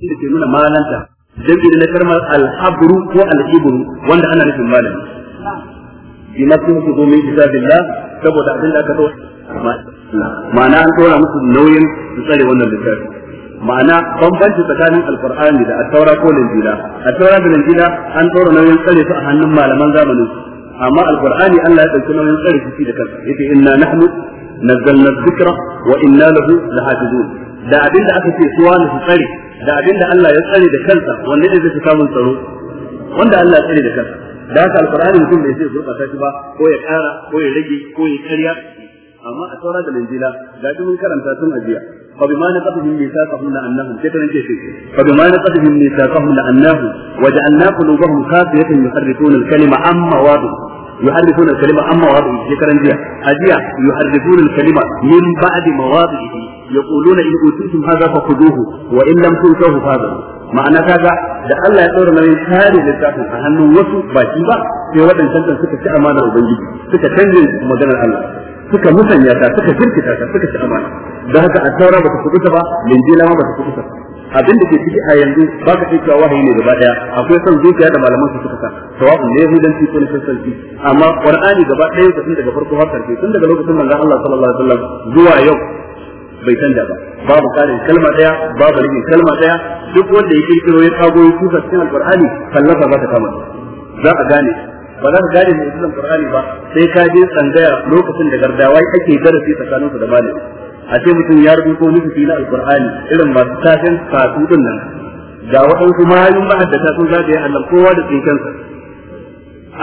inda ke nuna malanta dabbi na karmar al-habru ko al-ibru wanda ana nufin malami bima kun ku zo kitabillah saboda abin da aka zo ma'ana an tsora musu nauyin su tsare wannan littafi ma'ana bambanci tsakanin alqur'ani da at-taura ko linjila at-taura da linjila an tsora nauyin tsare su a hannun malaman zamanin amma alqur'ani Allah ya dauki nauyin tsare shi da kansa yace inna nahnu nazzalna dhikra wa inna lahu lahafizun da abin da aka ce suwa su tsare da abin da Allah ya tsare da kansa wanda ne zai samun tsaro wanda Allah ya tsare da kansa da haka alqur'ani mutum bai sai gurbata shi ba ko ya kara ko ya rage ko ya karya amma a saura da linjila ga mun karanta tun ajiya fa bima naqadhum mithaqahum la annahum sai kan ce fa bima naqadhum mithaqahum la annahum wa ja'alna qulubahum qasiyatan yuharrifuna al-kalima amma wadu يحرفون الكلمة عن مواضعه ذكرا جيا أجيا يحرفون الكلمة من بعد مواضعه يقولون إن أوتيتم هذا فخذوه وإن لم تؤتوه فهذا ma'ana kaga da Allah ya tsora nauyin kare littafin a hannun wasu baki ba sai waɗancan can suka ci amanar ubangiji suka canje maganar Allah suka musanya ta suka jirkita ta suka ci amana da haka a taura bata kubuta ba linjila ma bata kubuta abin da ke ciki a yanzu ba ka cewa wahayi ne gaba daya akwai san zuciya da malaman su suka sa sawa'un ne cikin sassan kristanci amma qur'ani gaba daya tun daga farko har karshe tun daga lokacin manzon Allah sallallahu alaihi wasallam zuwa yau bai canja ba babu karin kalma daya babu rigin kalma daya duk wanda ya kirkiro ya kago ya kusa cikin alqur'ani kallafa ba ta kama za a gane ba za ka gane mai islam qur'ani ba sai ka je tsangaya lokacin da gardawai ake darasi tsakaninsu da malami a ce mutum ya rubuta musu fili alkur'ani irin masu tafin kasu din nan ga waɗansu tafin za sun zagaye Allah kowa da tsinkansa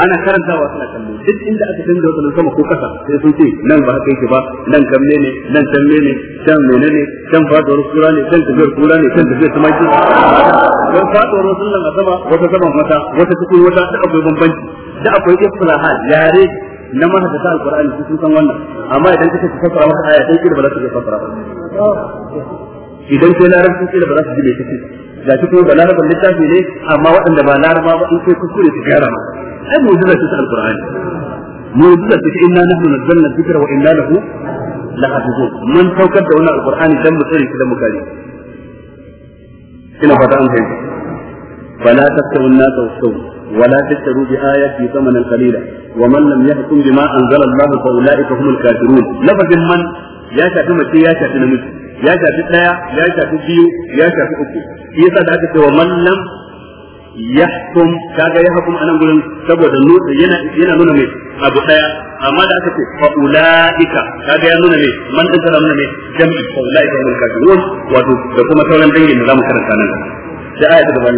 ana karanta wa suna kallo duk inda aka canza wasu sama ko kasa sai sun ce nan ba haka yake ba nan kan ne nan can ne can mene ne can faduwar kura ne can tafiyar kura ne can tafiyar tumaki don faduwar wasu nan a sama wata saman wata wata cikin wata da akwai bambanci da akwai iftilahat yare na mahaddata alqur'ani su sun san wannan amma idan kika ci fasara wata aya dan kila ba za su iya fasara ba idan kai larabci kila ba za su ji me kake ga shi kuma ba larabar littafi ne amma waɗanda ba laraba ba in kai kuskure su gyara ma ai mu'jiza ce ta alqur'ani mu'jiza ta inna nahnu nazzalna dhikra wa inna lahu lahafizun mun saukar da wannan alqur'ani dan mu tsare shi dan mu kare ina fata an fahimta fala tattawun nasa wasu ولا تشتروا بآياتي ثمنا قليلا ومن لم يحكم بما أنزل الله فأولئك هم الكافرون لفظ من يا شافي مشي يا شافي نمشي يا شافي ɗaya ya shafi biyu ya shafi uku shi yasa da aka ce wa man lam yahkum kaga ya hukum anan gurin saboda yana yana nuna mai abu amma da aka ce fa ulaika kaga ya nuna man din tara nuna mai jam'i fa ulaika hum da kuma sauran dangin da zamu karanta nan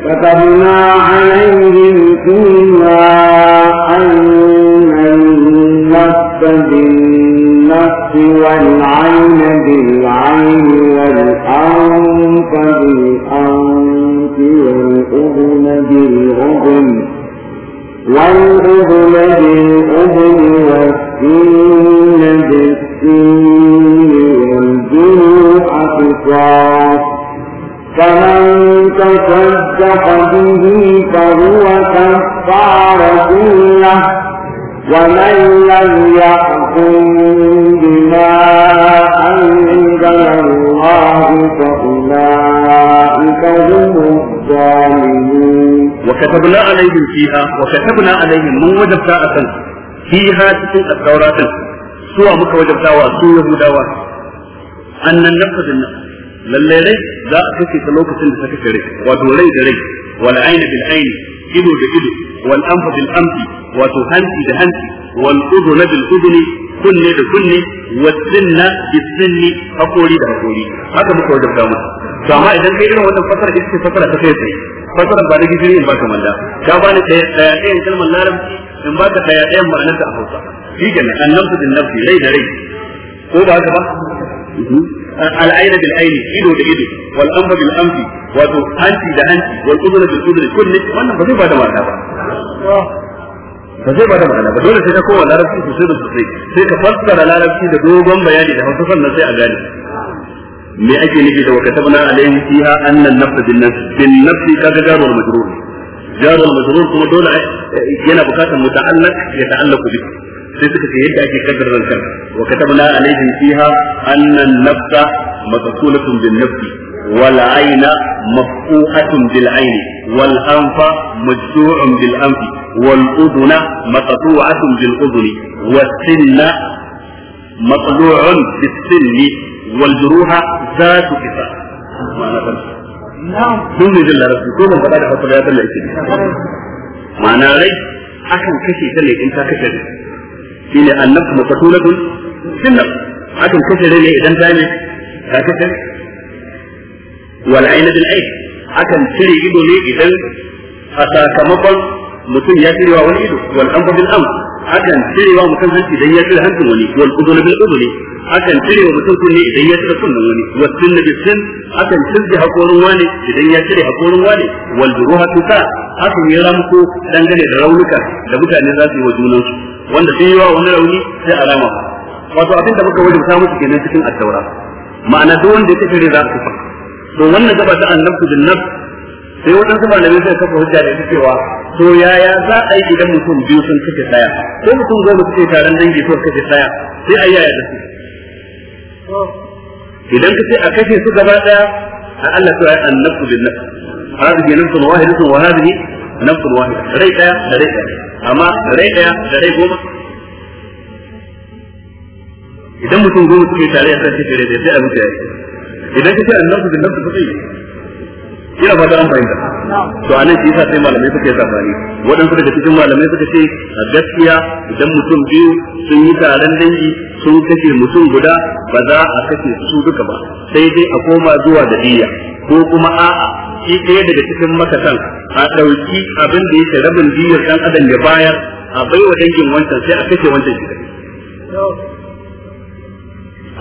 كتبنا عليهم فيها أن النفس بالنفس والعين بالعين والأنف بالأنف والأذن بالأذن والأذن بالأذن والسن بالسن والجروح قصاص فمن تصدق به فهو كفارة له ومن لم يحكم بما أنزل الله فأولئك هم الظالمون وكتبنا عليهم فيها وكتبنا عليهم من وجبت أسن فيها تكون التوراة سوى مك وجبتها وسوى يهودها أن النفس النفس للي za a kashe ta lokacin da ta kashe rai wato rai da rai wal aini bil aini ido da ido wal anfa bil anfi wato hanci da hanci wal udhuna bil udhuni kunne da kunne wa sinna bis sinni hakori da hakori haka muka wadda mu to amma idan kai irin wannan fasara ita ce fasara ta kai tsaye fasara ba da gidiri in baka malla ka bani ɗaya ɗayan kalmar larabci in baka ɗaya ɗayan ma'anar ta a Hausa shi kenan annabi din nafsi rai da rai ko ba haka ba mhm. آه، العين بالعين ايده بايده والانف بالانف وانت انت ده انت والاذن بالاذن كل ما انا بعد ما انا بزي بعد ما انا بدون شيء كو ولا رفي في سيد السيد سيد فصل على رفي ده دوغم بيان ده هو فصل نسي اغاني me ake nufi da wakatabna alayhi fiha annan nafs bin nafs bin nafs ka ga jaro majrur jaro majrur kuma dole yana bukatar muta'allaq sai suka ce yadda ake kaddar zancen wa katabna alaihim fiha annan nafsa maqsulatun bin nafsi wal ayna mafquhatun bil ayni wal anfa majzu'un bil anfi wal uduna maqtu'atun bil uduni was sinna maqlu'un bis sinni wal juruha zatu qisa ma'ana ban sun ne jin larabci ko ban faɗa da hausa da ya tallake ma'ana rai akan kashe ta ne in ta kashe shine annafsu maqtulatun sinna akan kashe rai idan ta ne ta kashe wal ayn bil ayn akan cire ido ne idan a sakamakon mutum ya cire wa wani ido wal anfa bil anf akan cire wa mutum hanci idan ya cire hancin wani wal udun bil udun akan cire wa mutum kunne idan ya cire kunnen wani wal sinna bil sin akan cire hakorin wani idan ya cire hakorin wani wal ruha tuka akan yi ramko dangane da raunuka da mutane za su yi wa junansu wanda sai yawa wani rauni sai alama wato abin da muka wajibta musu kenan cikin addaura ma'ana duk wanda ya kace za su fa to wannan gaba ta annabtu bin nafs sai wadansu malamai zai kafa hujja da ita cewa to yaya za a yi idan mutum biyu sun kace saya ko mutum zai goma suke taron dangi ko kace saya sai a yaya da su idan kace a kace su gaba daya a Allah to ya annabtu bin nafs هذه نفس واحدة وهذه نفس واحدة ريت ريت amma rai daya da rai goma idan mutum goma suke tare a kan cikin rai sai a mutu yayi idan kace annabi da nafsu kai ina fata an fahimta to anan shi yasa sai malamai suka yi sabani waɗansu daga cikin malamai suka ce a gaskiya idan mutum biyu sun yi taron dangi sun kashe mutum guda ba za a kashe su duka ba sai dai a koma zuwa da ko kuma a'a shi ɗaya daga cikin makasan a ɗauki abin da yake rabin biyar ɗan adam ya bayar a bai wa dangin wancan sai a kashe wancan shi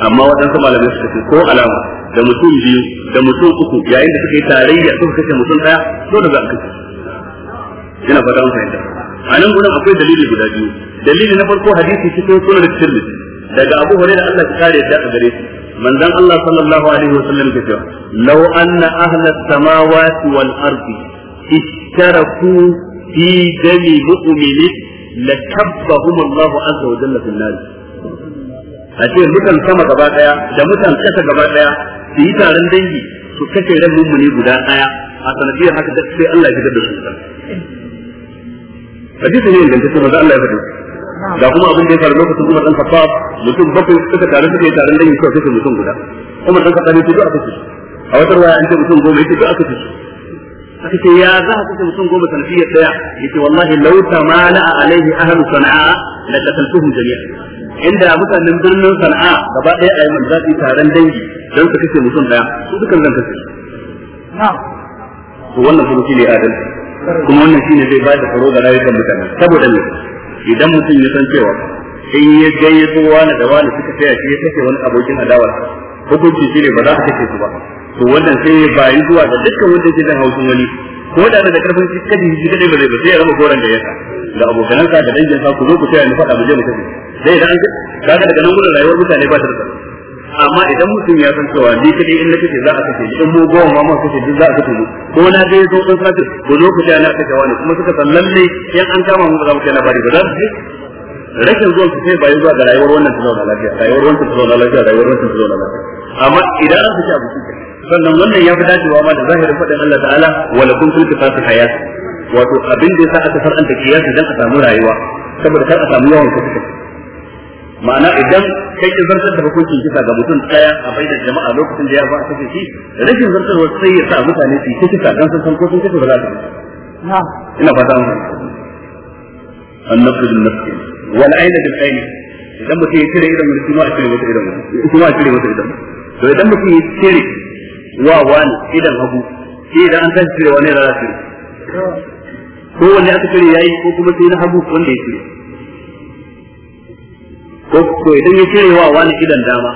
amma waɗansu malamai su ce ko alama da mutum biyu da mutum uku yayin da suka yi tarayya suka kashe mutum ɗaya ko da za a kashe ina fata mun fahimta a nan gudun akwai dalili guda biyu dalili na farko hadisi cikin sunan tirmidhi daga abu hurairah Allah ya kare da a gare shi manzon Allah sallallahu alaihi wasallam ke cewa law dami mu'mini lakabbahum Allah azza wa mutan sama gaba daya da mutan kasa gaba daya su yi taron dangi su kashe ran mummuni guda daya da kuma abin da ya faru lokacin Umar dan Khattab mutum bakwai suka tare suka yi taron dangin kawai sai mutum guda Umar dan Khattab ne duk aka ci a wata ruwaya an ce mutum goma yake duk aka ci aka ce ya za ka kace mutum goma sanfiyar daya yace wallahi law tamala alaihi ahlu sana'a la qataltuhum jami'a inda mutanen birnin sana'a gaba daya ayi man zafi taron dangi dan su kace mutum daya su dukan zan kace na'am to wannan kuma shine adalci kuma wannan shine zai bada da tsaro ga rayukan mutane saboda ne idan mutum ya san cewa in ya gayyato wani da wani suka tsaya shi ya kace wani abokin adawa hukunci ne ba za a kace su ba to wannan sai ya bayi zuwa ga dukkan wanda ke da hausin wani ko da da karfin shi kadin shi kadai ba zai ba sai ya rama goran gayyata da abokanansa da danginsa ku zo ku tsaya ni faɗa mu je mu kace sai idan kaga daga nan gudun rayuwar mutane ba ta da amma idan mutum ya san cewa ni kadai in na za a kace in mu goma ma mu kace duk za a kace mu ko na dai zo sun kace ko lokuta na kace wani kuma suka san lalle yan an kama mu za mu kai labari ba za su rashin zuwa su sai bai zuwa ga rayuwar wannan ta zauna lafiya rayuwar wannan ta zauna lafiya rayuwar wannan ta zauna lafiya amma idan an kace abu sannan wannan ya fi dacewa ma da zahirin faɗin Allah ta'ala wa lakum fil kitabi hayat wato abin da yasa aka faranta kiyasi dan a samu rayuwa saboda kar a samu yawan kuskure ma'ana idan kai ki zartar da hukuncin kisa ga mutum daya a bai da jama'a lokacin da ya ba su shi rashin zartarwa sai ya sa mutane su yi kisa dan san san ko sun kisa ba za su ina fata mun annabi bin nafsi wal aina bil aini idan mutum ya cire idan mutum ma a cire masa idan kuma a cire masa idan to idan mutum ya cire wa wani idan hagu sai idan an san cire wani rana cire ko wanda aka cire yayi ko kuma sai na hagu wanda ya cire ko ko idan ya cire wa wani idan dama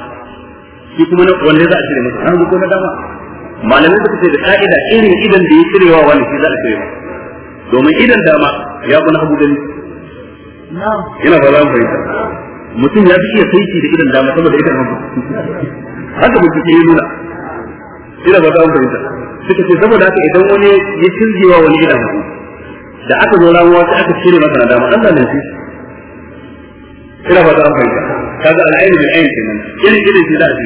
shi kuma wanda za a cire masa An ko na dama malamin da ce da ka'ida irin idan da ya cire wa wani shi za a cire domin idan dama ya kuna abu gani ina ba za mu fahimta mutum ya fi iya saiki da idan dama saboda idan dama haka mutum ke nuna ina ba za mu fahimta suka ce saboda haka idan wani ya cirgewa wani idan da aka zo ramuwa sai aka cire masa na dama Allah ne shi ina ba ta an fahimta kaga al'ainu bil ayn kenan irin irin shi za da ake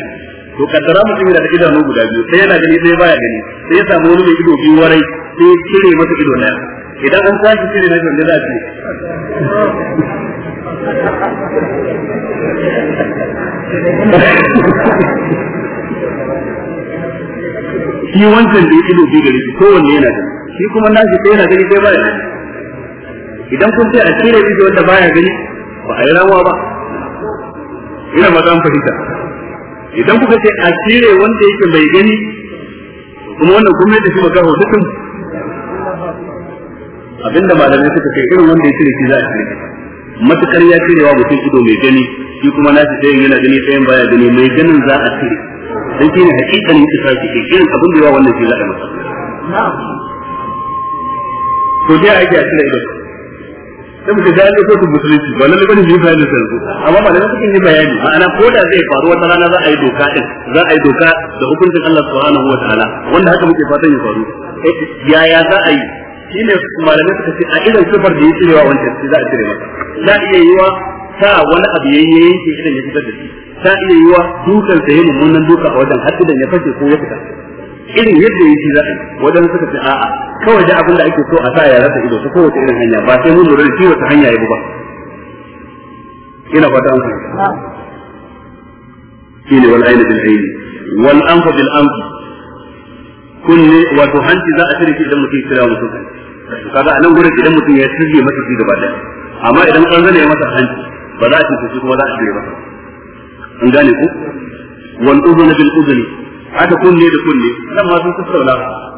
to kaddara mutum yana da idanu guda biyu sai yana gani sai baya gani sai ya samu wani mai ido biyu warai sai ya cire masa ido na idan an tashi cire na shi da ake shi wancan da ido biyu gari shi kowanne yana gani shi kuma nashi sai yana gani sai baya gani idan kun sai a cire ido wanda baya gani ba a yi rawa ba ina ba zan fahimta idan kuka ce a cire wanda yake bai gani kuma wannan kuma yadda shi makaho tun abinda malamai suka ce irin wanda ya cire shi za a cire matukar ya wa mutum ido mai gani shi kuma nashi ɗayan yana gani ɗayan baya gani mai ganin za a cire dan shi ne hakikanin isa shi ke irin abin da yawa wannan shi za a masa to dai ake a cire ido sai muka ga ne kotun musulunci ba lalle bane yi bayani sai amma ba da suke yi bayani ma'ana ko da zai faru wata rana za a yi doka din za a yi doka da hukuncin Allah subhanahu wa ta'ala wanda haka muke fatan ya faru eh, yaya za a yi shine malamai suka ce a irin sifar da ya cirewa wancan sai za a cire masa Na a iya yiwa ta wani abu yayye yake idan ya fitar da shi ta iya yiwa dukan sa mun nan duka a wajen har idan ya fashe ko ya fita irin yadda yake za a yi wajen suka ce a'a kawai da abin da ake so a sa ya rasa ido ta kowace irin hanya ba sai mun lura da shi wata hanya ya ba ina fata an fahimta ne wal aini bil aini wal anfa bil anfa kunne wato hanci za a cire shi idan mutum kira mutum kaga a nan gurin idan mutum ya shirye masa shi gaba daya amma idan an zane masa hanci ba za a cire shi kuma za a cire masa an gane ku wal udhuna bil udhuni aka kunne da kunne nan ma sun tattauna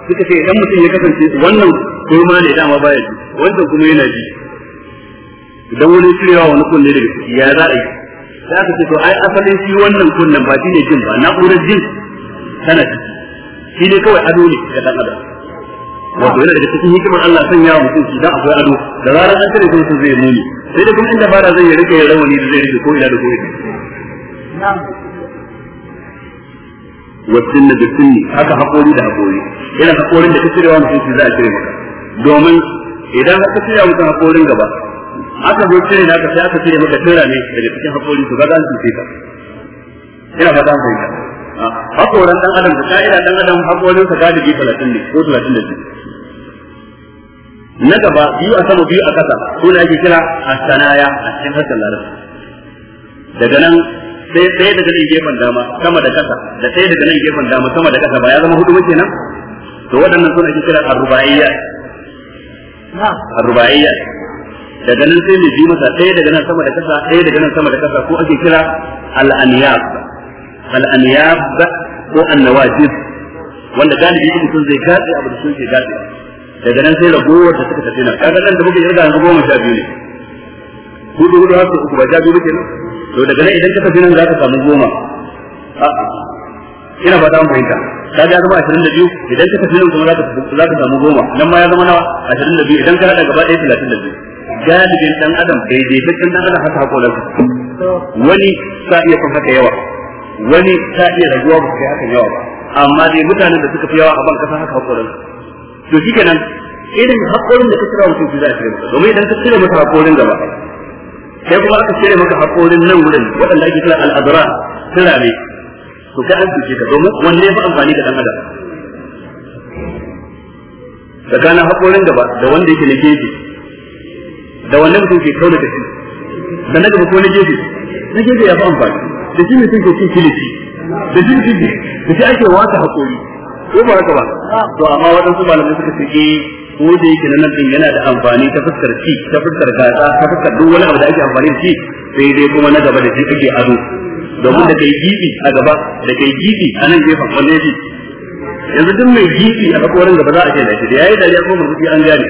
suka ce idan mutum ya kasance wannan kuma ne dama baya ji wannan kuma yana ji idan wani cirewa wani kunne daga ciki ya za a yi za aka ce to ai asalin shi wannan kunnen ba shi ne jin ba na'urar jin tana ciki shi ne kawai ado ne ga dan adam wato yana daga cikin hikimar Allah sanya wa mutum da akwai ado da zarar an tare mutum zai muni sai da kuma inda bara zai rike rawani da zai rike ko ina da ko ina wasin da sunni haka hakori da hakori irin hakorin da ka cirewa mutum shi za a cire maka domin idan ka cire mutum hakorin gaba aka zo cire naka sai aka cire maka tura ne daga cikin hakori to kaga an cuce ka ina fata mai ah, ka hakoran dan adam da ka'ida dan adam hakorin sa galibi 30 ne ko 32 na gaba biyu a sama biyu a kasa suna ake kira a sanaya a cikin harshen larabci daga nan sai sai daga nan gefen dama sama da kasa da sai daga nan gefen dama sama da kasa ba ya zama hudu kenan to waɗannan suna ake kira arruba'iyya arba'iyya daga nan sai mai bi masa sai daga nan sama da kasa sai daga nan sama da kasa ko ake kira al-aniyab al-aniyab ko annawajib wanda galibi in mutum zai gaɗe abu da sun ke gaɗe daga nan sai ragowar da suka tafi nan kaga nan da muke yarda yanzu goma sha biyu ne hudu hudu har uku ba sha biyu kenan to daga nan idan ka tafi nan za ka samu goma ah, ina ba ta fahimta ka ga zama ashirin da biyu idan ka tafi nan kuma za ka samu goma nan ma ya zama nawa ashirin da biyu idan ka rada gaba ɗaya talatin da biyu galibin ɗan adam daidaitaccen ɗan adam haka haƙo lafi wani sa iya kun haka yawa wani sa iya raguwa ba kai haka yawa ba amma dai mutanen da suka fi yawa a ban kasa haka haƙo lafi to shi kenan irin haƙorin da ka kira mutum shi za a cire masa domin idan ka cire masa haƙorin gaba ɗaya sai kuma aka cire maka haƙorin nan wurin waɗanda ake kira al'adara ne to ka an fice ka domin wanne ya fi amfani da ɗan adam tsakanin haƙorin gaba da wanda yake na gefe da wanne mutum ke kauna da shi da na gaba ko na gefe na gefe ya fi amfani da shi mutum ke cin kilici da shi mutum ke da shi ake wata haƙori ko ba haka ba to amma waɗansu malamai suka ce eh ko da yake nan din yana da amfani ta fuskar ci ta fuskar gasa ta fuskar duk wani abu da ake amfani da shi sai dai kuma na gaba da shi ake ado domin da kai gidi a gaba da kai gidi a nan gefen wanda shi. yanzu duk mai gidi a kakorin gaba za a ce da shi da yayi ya koma rufi an gane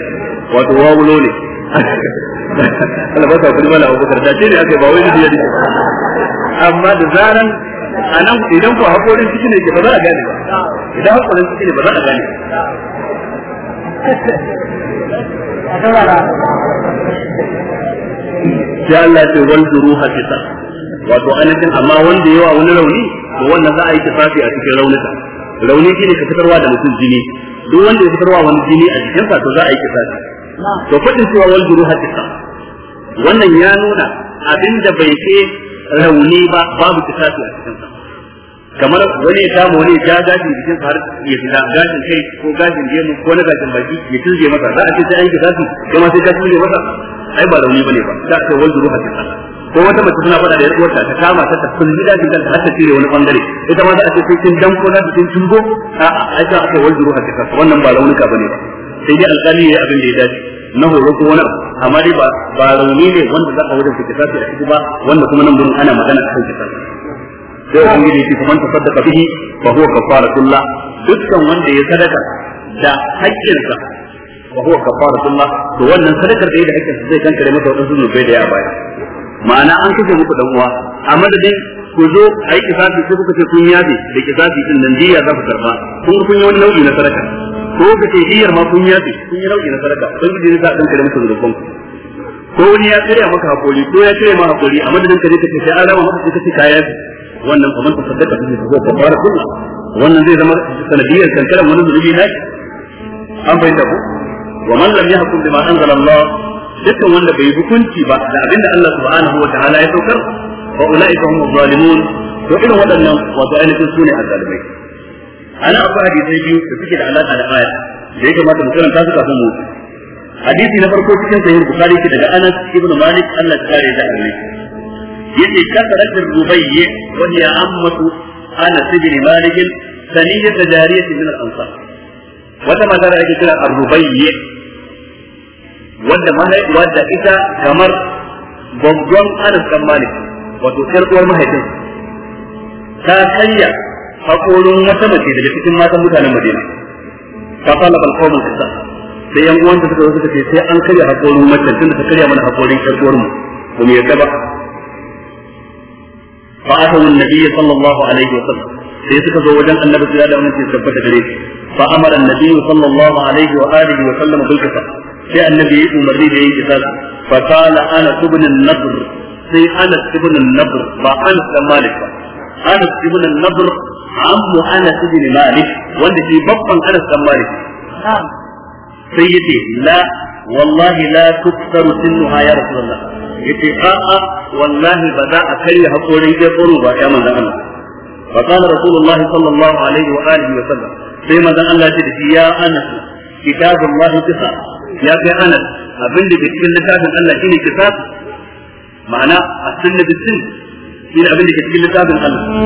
wato wawulo ne Allah ba ta kuli mala abubakar da ce ne aka ba wai da amma da zaran a nan idan ko hakorin ciki ne ke ba za a gane ba idan hakorin ciki ne ba za a gane ba sai Allah ce wal duruha kisa wato ainihin amma wanda yawa wani rauni to wannan za a yi kisafi a cikin raunuka rauni shine ka fitarwa da mutum jini duk wanda ya fitarwa wani jini a cikin sa to za a yi kisafi to fadin cewa wal duruha kisa wannan ya nuna abinda bai ke rauni ba babu kisafi a cikin sa kamar wani ya samu wani ya gaji jikin har ya fita gaji kai ko ne mu ko na gashin baki ya tilje masa za a ce sai an yi kuma sai ta tilje masa ai ba rauni bane ba za ka wanzu ruha cikin ko wata mace suna faɗa da yar uwarta ta kama ta tun gida da ta har ta cire wani bangare ita ma za a ce sai kin danko na cikin tungo a a ta aka wanzu ruha cikin wannan ba ka bane ba sai dai alƙali ya abin da ya dace na horo ko wani amma dai ba rauni ne wanda za a wajen fitata a ciki ba wanda kuma nan gurin ana magana a kan sai ubangiji shi kuma ta sadaka bihi ba huwa kulla dukkan wanda ya sadaka da haƙƙinsa ba huwa kulla to wannan sadakar da yi da haƙƙinsa zai kankare masa wadansu zunubai da ya baya ma'ana an kashe muku dan uwa a madadin ku zo a yi kisafi ko kuka ce kun yafe da kisafi din nan diya za ku karba kun kun yi wani nau'i na sadaka ko kuka ce diyar ma kun yafe kun yi nau'i na sadaka don gidi za a danka da muku zurfin ko wani ya tsire maka hakuri ko ya tsire ma hakuri a madadin ka ne ka ce sai an rama maka ka ce ka yafe wannan fa man tasaddaqa bihi ko huwa kafaratun wannan zai zama sanadiyar kankaran wani zunubi na an bayyana ku wa man lam yahkum bima anzala Allah dukkan wanda bai hukunci ba da abinda Allah subhanahu wa ta'ala ya saukar fa ulaika hum zalimun to irin waɗannan wato ainihin su ne ana abu hadisai biyu da suke da alaƙa da aya da ya kamata mu karanta su kafin mu hadisi na farko cikin sahih bukhari ke daga Anas ibn Malik Allah ya kare da Allah yace kasarat rubayyi wa hiya ammatu anas ibn malik saniyat jariyah min al-ansar wata mata da ake kira rubayyi wanda wadda ita kamar gwangwan anas dan malik wato ƴar mahaifin ta karya hakorin wata mace daga cikin matan mutanen madina ta fara balkawar kasa sai yan uwanta suka zo suka ce sai an karya hakorin mace tunda ta karya mana hakorin ƴar uwar mu mu yadda ba فأتوا النبي صلى الله عليه وسلم sai suka zo wajen annabi su da wani tabbata gare shi fa amara annabi sallallahu alaihi wa sallam bil qisas sai annabi ya umarni da yin qisas fa qala ana ibn an sai ana ibn an ba ana da malik ba ana ibn an-nadr ana ibn wanda babban sai yace la wallahi la ya rasulullah اتقاء والله بدا كي هقول يا قولوا بقى يا من الله فقال رسول الله صلى الله عليه واله وسلم في من الله تدري يا انس كتاب الله تسع يا في انس ابن بسم الله كتاب الله كيني كتاب معنى السن بالسن كين ابن بسم الله كتاب الله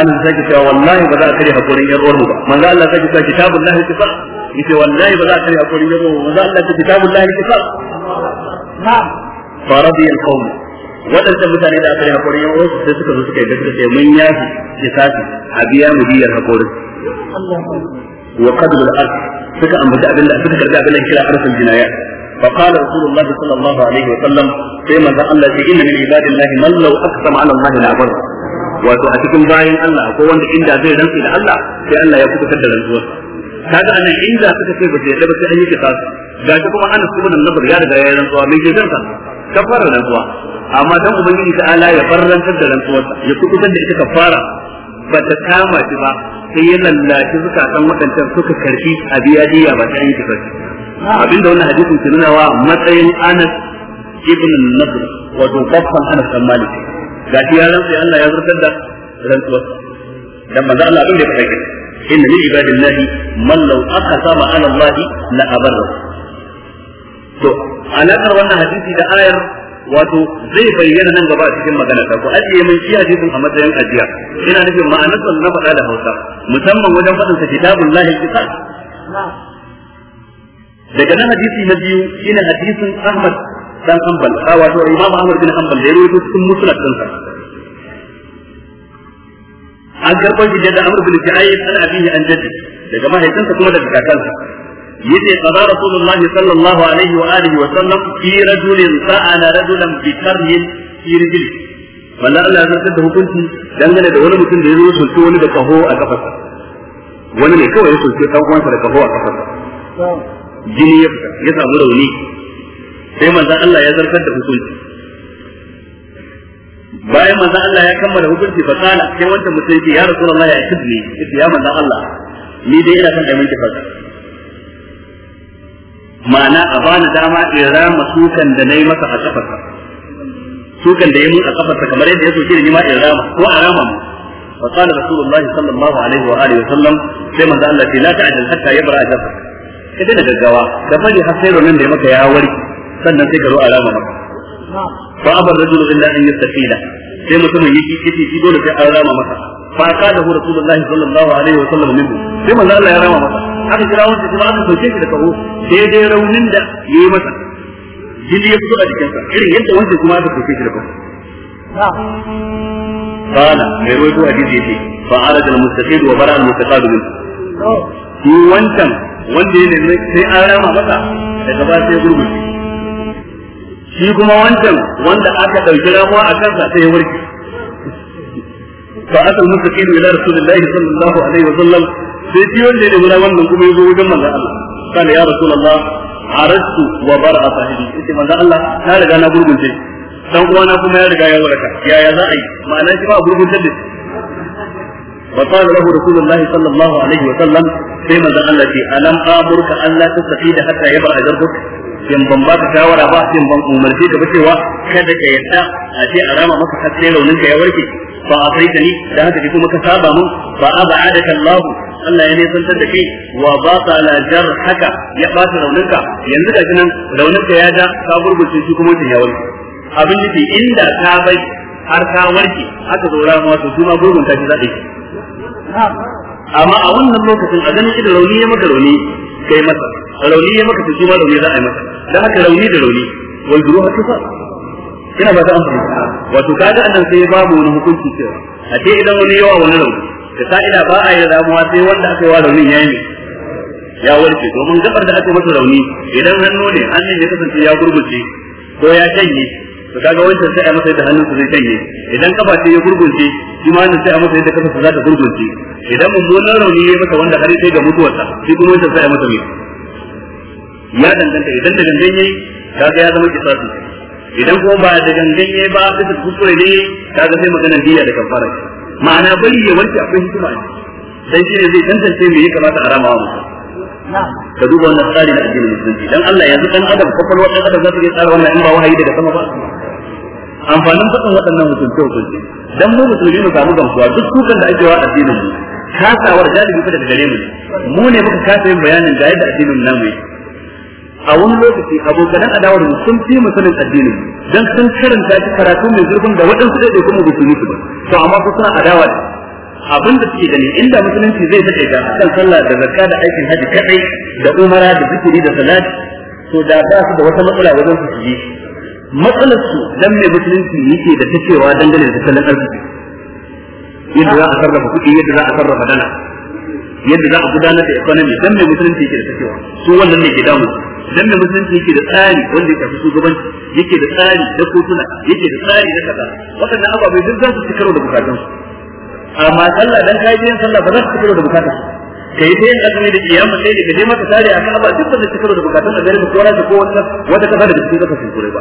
أنا سأجد والله بدأ أكري أقولي يا رب من قال الله سأجد كتاب الله كفا يقول والله بدأ أكري أقولي يا رب من قال الله كتاب الله كفا نعم faradi al-qawm waɗannan mutane da aka yi hakuri yan wasu sai suka zo suka yi gaskiya sai mun yafi kisasi a biya mu biyar hakuri wa qadr al-ard suka ambata abin da suka karbi abin da kira arsal jinaya فقال رسول الله صلى الله عليه وسلم كما ذا الله إن من عباد الله من لو أقسم على الله لأبر wato a cikin bayan Allah ko wanda inda zai rantsi da Allah sai Allah ya kuka da rantsuwarsa kaga anan inda suka ce ba su yadda ba sai an yi su ga shi kuma kuma nan Nadir ya riga ya yi rantsuwa mai gidan ka fara rantsuwa amma dan ubangiji ta ala ya farrantar da rantsuwarsa ya kuɗutar da ita ka fara, ba ta kama shi ba sai ya lallashi zukatan waɗancan suka karfi a biya diya ba ta yi kitab abinda wannan hadisin ke nuna wa matsayin Anas ibn Nadir wato babban Anas dan Malik ga shi ya rantsa Allah ya zartar da rantsuwarsa dan manzo Allah abin da ya fara inna min ibadillahi man law aqsama ala Allah la abarra to alaƙar wannan hadisi da ayar wato zai bayyana nan gaba cikin magana ta ko ajiye min shi hadisin a matsayin ajiya ina nufin ma'anar sun na faɗa da Hausa musamman wajen faɗin sa lahi kitab daga nan hadisi na biyu shine hadisin Ahmad dan Hanbal wato Imam Ahmad bin Hanbal da ya rawaito cikin musnad an karɓar shi da amr bin shu'aib an abihi an jaddi daga mahaifinsa kuma daga kakansa yace qala rasulullah sallallahu alaihi wa alihi wa sallam fi rajulin sa'ala rajulan bi karhin fi wanda Allah ya da hukunci dangane da wani mutum da ya zo sulke wani da kaho a kafarsa wani ne kawai ya sulke dan da kaho a kafarsa jini ya fita ya samu rauni sai manzan Allah ya zartar da hukunci bayan manzo Allah ya kammala hukunci fa kana sai wanda mutum yake ya rasu rasulullah ya kidni yace ya manzo Allah ni dai ina son amin tafarka ma'ana a bani dama in rama sukan da nayi masa a kafarsa sukan da ya mun a kafarsa kamar yadda ya soke ni ma in rama ko a rama mu fa kana rasulullah sallallahu alaihi wa alihi wa sallam sai manzo Allah ce la ta'jal hatta yabra ajabka kada da gaggawa da bari har sai nan da ya maka ya warke sannan sai ka zo a rama maka فأبى الرجل إلا أن يستقيل sai mutumin yake kici shi dole sai an rama masa fa ka da رسول sallallahu صلى الله عليه وسلم منه sai manzo Allah ya rama masa aka kira wanda kuma aka soke shi da kaho sai dai raunin da yayi masa jini ya fito a jikinsa irin yadda wanda kuma aka soke shi da kaho قال mai rawaito hadisi yake fa arada al-mustaqid wa bara al-mustaqad min shi wancan wanda ya nemi sai an rama masa daga ba sai gurgurci shi kuma wancan wanda aka dauki ramuwa a kansa sai ya warke fa asal mustaqim ila rasulillahi sallallahu alaihi wa sallam sai shi wanda ya dubura wannan kuma yazo wajen manzon Allah kana ya rasulullah arastu wa bar'a sahibi sai manzon Allah na riga na gurgunce dan uwana kuma ya riga ya waraka yaya za a yi ma'ana shi ba gurgunce da shi وقال له رسول الله صلى الله عليه وسلم فيما ذا الله ألم آمرك أن لا تستفيد حتى يبرأ جربك in ban ba ka shawara ba in ban umarce ka ba cewa kada ka yadda a ce a rama maka har sai raunin ka ya warke Ba fa asaita ni da haka kuma ka saba Ba mun fa da Allah Allah ya nisantar da kai wa ba ka la haka ya bata ka? yanzu ga nan raunin ka ya ja ka gurgurce shi kuma ta ya warke abin nufi inda ka bai har ka warke aka zo ramuwa to shi ma gurgunta shi zaɗe amma a wannan lokacin a ganin idan rauni ya maka rauni kai masa rauni ya maka shi ma rauni za a yi masa haka rauni da rauni wal duruha kifa ina ba ta amfani wato kaga annan sai ba mu wani hukunci cewa a ce idan wani yawa wani rauni da ina ba a yi ramuwa sai wanda aka yi wa raunin ya yi ya warke domin gabar da aka masa rauni idan hannu ne hannun ya kasance ya gurgurce ko ya shanye to kaga wancan sai a masa yadda hannun su zai shanye idan kafa ce ya gurgurce shi ma hannun sai a masa yadda kafa su za ta gurgurce idan mummunan rauni ya masa wanda har sai ga mutuwarsa shi kuma wancan sai a masa mai ya danganta idan da gangan yayi ga ya zama kisasu idan kuma ba da gangan yayi ba bisa kuskure ne ga sai magana biya da kafara ma'ana bari ya wanke akwai hikima sai shi ne zai tantance me ya kamata a wa mutum ka duba wannan tsari na addinin musulunci dan Allah yanzu dan adam kwakwalwar dan adam za ta iya tsara wannan in ba wahayi daga sama ba amfanin faɗin waɗannan hukunce hukunce dan mu ne mu samu gamsuwa duk kukan da ake wa addinin mu kasawar jalibi daga gare mu mu ne muka kasa yin bayanin ga yadda addinin namu yake a wani lokaci abokan adawar mu sun fi mu sanin addinin dan sun karanta shi karatu mai zurfin da waɗansu da kuma musulmi su ba to amma ku suna adawa abin da suke gani inda musulunci zai take ga akan sallah da zakka da aikin haji kadai da umara da zikiri da salat to da ba su da wata matsala wajen su yi matsalar su dan mai musulunci yake da ta dangane da sallan arziki yadda za a sarrafa kuɗi yadda za a sarrafa dana yadda za a gudanar da economy dan mai musulunci yake da ta su wannan ne ke damu Nan da musulunci yake da tsari wanda ya shafi shugabanci yake da tsari na kotuna yake da tsari na kaza waɗannan ababe duk za su ci karo da bukatun su amma sallah dan kai yin sallah ba za su ci karo da bukatun ka yi ta yin azumi da kiyama sai da kaje maka tsari akan ababe duk ba za su ci karo da bukatun da ko da ko wanda wata kaza da cikin kasashen turai ba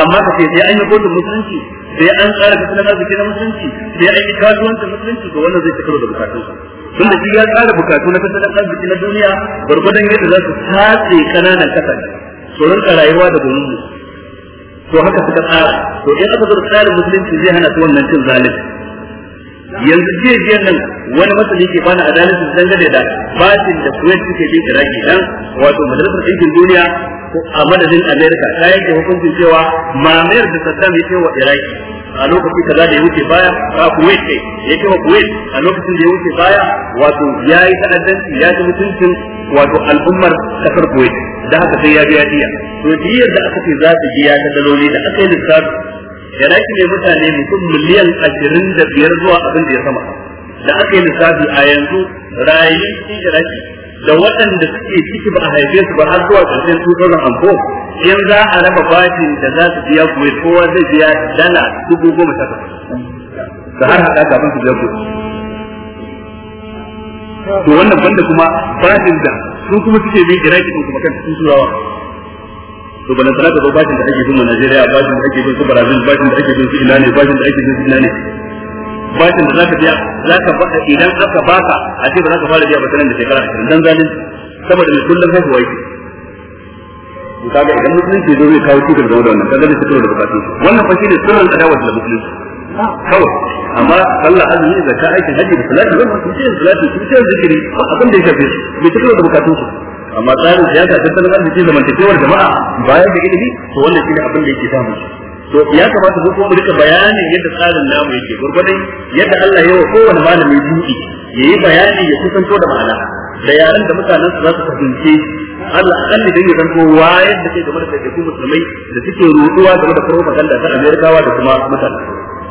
amma ka ce sai an yi kotun musulunci sai an tsara tattalin arziki na musulunci sai an yi kasuwancin musulunci to wannan zai ci karo da bukatun su tunda shi ya tsara bukatu na tattalin arziki na duniya gwargwadon yadda za su tatse kananan kasar su rinka rayuwa da gumin to haka suka tsara to in aka zura tsarin musulunci zai hana su wannan cin zalunci yanzu jiya biyan nan wani masali ke bana adalci dangane da batin da kuwait suke bin iraki dan wato majalisar ɗinkin duniya a madadin amerika ta yanke hukuncin cewa mamayar da saddam ya ce wa iraki a lokaci kaza da ya wuce baya a kuwait kai ya ce wa kuwait a lokacin da ya wuce baya wato ya yi ta'addanci ya ci mutuncin wato al'ummar kasar kuwait da haka sai ya biya diya to diyar da aka ce za ta biya ta daloli da aka yi lissafi iraki ne mutane mutum miliyan ashirin da biyar zuwa abin da ya sama da aka yi lissafi a yanzu rayayyun iraki da waɗanda suke ciki ba a haife su ba har zuwa ƙarshen 2004 in za a raba bashin da za su biya kuwait kowa zai biya dala dubu goma sha takwas da har haɗa kafin su biya kuwait to wannan banda kuma bashin da su kuma suke bi iraki ko kuma kan su turawa to bana sana da zo bashin da ake bin Najeriya bashin da ake bin su Brazil bashin da ake bin su ina ne bashin da ake bin su ina ne bashin da zaka biya zaka idan aka baka a ce ba za ka fara biya ba sanan da shekara 20 dan zalin saboda kullum haihuwa yake kaga idan musulunci zo zai kawo cikin game da wannan kaga zai fito da bukatu wannan fa shine sirrin adawa da musulunci kawai amma sallah azumi da ta aikin haji da salati wannan su ce salati su ce zikiri abin da ya shafe su bai fito da bukatu su amma tsarin siyasa tattalin arziki zamantakewar jama'a bayan da ilimi to wannan shine abin da yake samu to ya kamata ko mu rika bayanin yadda tsarin namu yake gurgurdan yadda Allah ya wa kowane malami buɗi yayi bayani ya kusanto da ma'ana da yaran da mutanen su za su fahimce Allah akalli dan ya zanto wayar da kai game da kai musulmai da suke rutuwa game da propaganda ta Amerikawa da kuma mutane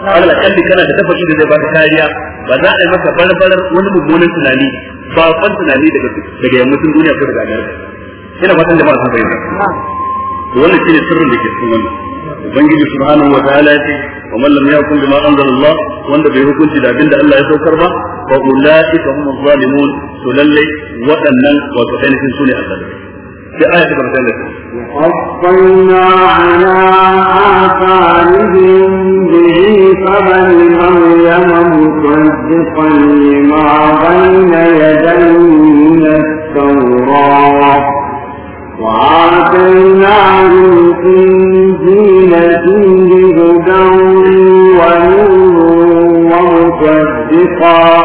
Allah akalli kana da tafashi da zai baka kariya ba za a yi maka barbarar wani mummunan tunani ba kwan tunani daga daga yammacin duniya ko daga Amerika ina fatan jama'a sun bayyana wannan shine sirrin da ke cikin wannan ubangiji subhanahu wa ta'ala ya ce wa man lam yahkum bima anzalallah wanda bai hukunci da abinda Allah ya saukar ba fa ulaika humuz zalimun to lalle waɗannan wato ainihin sune azzalimai لآية مثلا إيه؟ وقفينا على آثارهم بعيسى بن مريم مصدقا لما بين يديه من التوراة وآتيناه الإنجيل فيه هدى ونور ومصدقا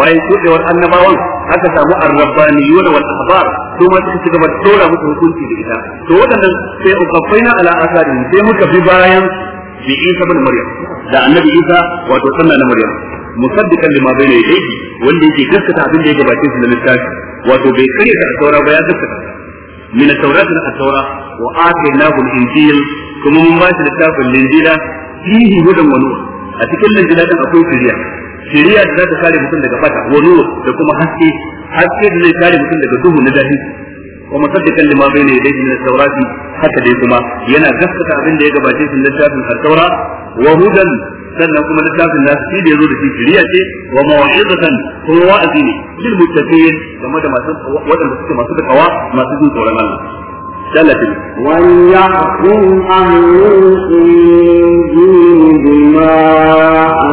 bayan kudewar annabawan aka samu arrabbaniyuna wal ahbar su ma suka cigaba da tora musu hukunci da ita to wadannan sai ukaffaina ala asarin sai muka bi bayan bi Isa bin Maryam da annabi Isa wato sanna na Maryam musaddiqan lima bayna yadayhi wanda yake gaskata abin da ya gabace shi da littafi wato bai kare da saura ba ya gaskata min at-taurat ila at-taura wa atainahu al-injil kuma mun ba shi littafin linjila fihi hudan wa nur a cikin linjila din akwai shari'a shari'a da za ta kare mutum daga fata wa nur da kuma haske haske da zai kare mutum daga duhu na jahilci wa musaddiqan lima bayna yadayhi min at-taurati haka dai kuma yana gaskata abin da ya gabace shi littafin at-taura wa hudan sannan kuma littafin da shi da yazo da shi shari'a ce wa mawa'izatan kuma wa'azi ne lil muttaqin game da masu wadanda suke masu takawa masu jin tsoron Allah ثلاثة وليحكم أهل الإنجيل بما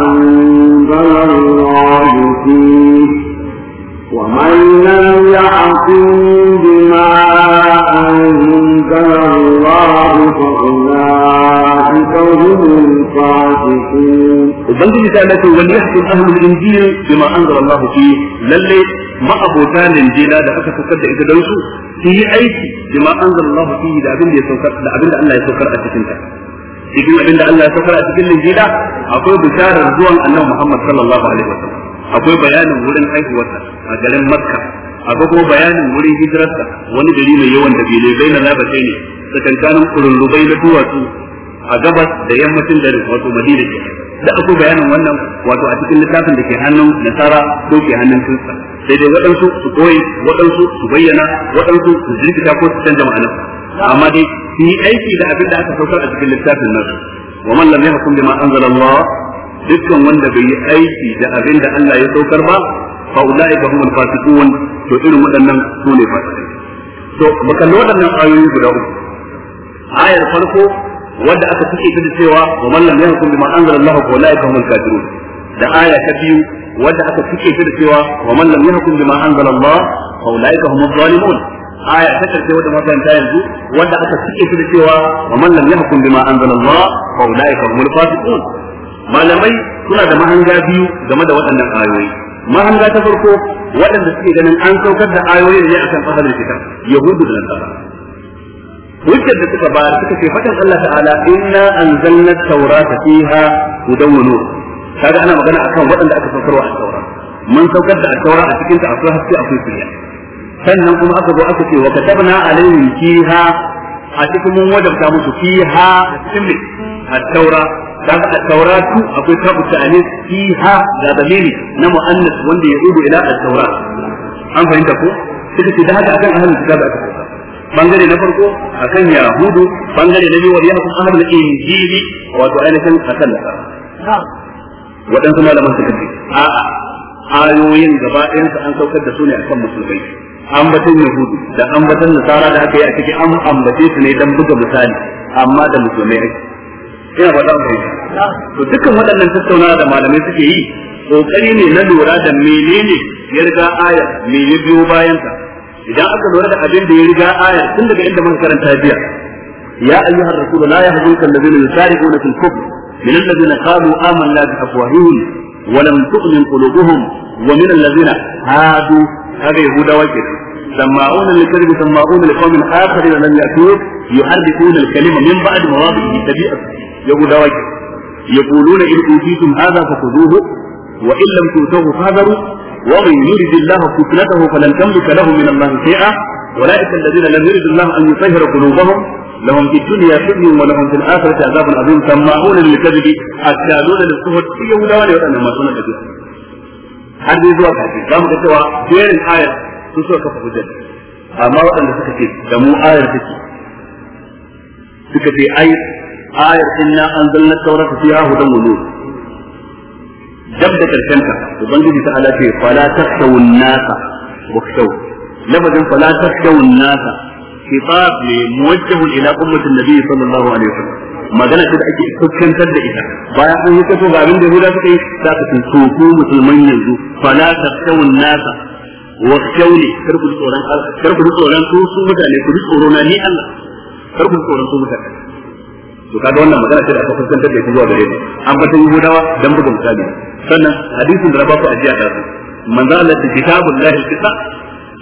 أنزل الله فيه ومن لم يحكم بما أنزل الله فأولئك هم الفاسقون وبنجي تعالى وليحكم أهل الإنجيل بما أنزل الله فيه للي ما أبو ثاني الجيلة da aka fitar da su yi aiki bima anzalallahu fihi da abin da ya saukar da abin da Allah ya saukar a cikin ta cikin abin da Allah ya saukar a cikin linjila akwai bisharar zuwan annabi Muhammad sallallahu alaihi wasallam akwai bayanin wurin haihuwarsa a garin Makka akwai kuma bayanin wurin hijirarsa wani gari mai yawan da bile bai na labatai ne tsakankanin kururrubai na duwatsu a gabas da yammacin garin wato Madina ke da akwai bayanin wannan wato a cikin littafin da ke hannun nasara ko ke hannun kirista sai dai waɗansu su koyi waɗansu su bayyana waɗansu su jirgita ko su canza ma'ana amma dai su yi aiki da abin da aka saukar a cikin littafin nan wa man lam yahkum bima anzala Allah dukkan wanda bai yi aiki da abin da Allah ya saukar ba fa ulaika humul fasiqun to irin waɗannan su ne fasikai to baka waɗannan ayoyi guda uku ayar farko wanda aka fice ta cewa wa man lam yahkum bima anzala Allah fa ulaika humul kafirun da aya ta biyu wanda aka cike shi da cewa wa man lam yahkum bima anzalallah fa ulaika humuz zalimun aya ta karshe wata makaranta yanzu wanda aka cike shi da cewa wa man lam yahkum bima anzalallah fa ulaika humul fasiqun malamai suna da mahanga biyu game da waɗannan ayoyi mahanga ta farko waɗanda suke ganin an saukar da ayoyin ne akan fasalin kitab yahudu da nasara hujjar da suka ba suka ce fatan Allah ta'ala inna anzalna at-taurata fiha hudan wa nur kaga ana magana akan waɗanda aka saukarwa a taura mun saukar da taura a cikin ta akwai haske akwai shirya sannan kuma aka zo aka ce wa katabna alaihim fiha a cikin mun wadabta musu fiha a cikin ne a taura kaga a taura tu akwai tabu ta'anis fiha da zamiri na mu'annas wanda ya udu ila at an fahimta ko suka ce da haka akan ahlul kitab aka sauka bangare na farko akan yahudu bangare na biyu wa yahum ahlul injili wato ainihin akan nasara waɗansu malaman suka ce a ayoyin gaba ɗayansu an saukar da su ne a kan musulmai ambaton yahudu da ambaton nasara da aka yi a ciki an ambace su ne don buga misali amma da musulmai ake ina faɗa ku to dukkan waɗannan tattaunawa da malamai suke yi kokari ne na lura da menene ya riga ayar me ya biyo bayan ta idan aka lura da abin da ya riga ayar tun daga inda muka karanta biya ya ayyuhar rasul la yahzunka alladhina yusari'una fil kufr من الذين قالوا آمنا بأفواههم ولم تؤمن قلوبهم ومن الذين هادوا هذا يهودا وجد سماعون للكذب سماعون لقوم آخرين لم يأتوك يحدثون الكلمة من بعد مواضعه طبيعة يهودا وجد يقولون إن أوتيتم هذا فخذوه وإن لم تؤتوه فاذروا ومن يرد الله فتنته فلن تملك له من الله شيئا أولئك الذين لم يرد الله أن يطهر قلوبهم لهم في الدنيا حزن ولهم في الآخرة عذاب عظيم سماعون للكذب أكالون للصهد في يوم لا ولي ما سنة كثيرة هذه هو الحديث قام قتوى بين الآية تسوى كفة جد أما وأن تكتب دمو آية تكتب تكتب أي آية إنا أنزلنا التوراة فيها هدى ونور دبدك الكنكة وبنجي تعالى فيه فلا تخشوا الناس واخشوا lafazin fala tashawun nasa khitab ne muwajjahu ila ummati nabi sallallahu alaihi wasallam magana ce da ake kuskantar da ita bayan an yi kaso ga abin da Yahuda suka yi za ka tun tofu musulman yanzu fala tashawun nasa wa shawli kar ku tsoron kar ku tsoron su su mutane ku tsoro na ni Allah kar ku tsoron su mutane to wannan magana ce da aka kuskantar da ita zuwa gare ni an fata Yahudawa dan buga misali sannan hadisin da ba ku ajiya da su manzo Allah kitabul lahi kisa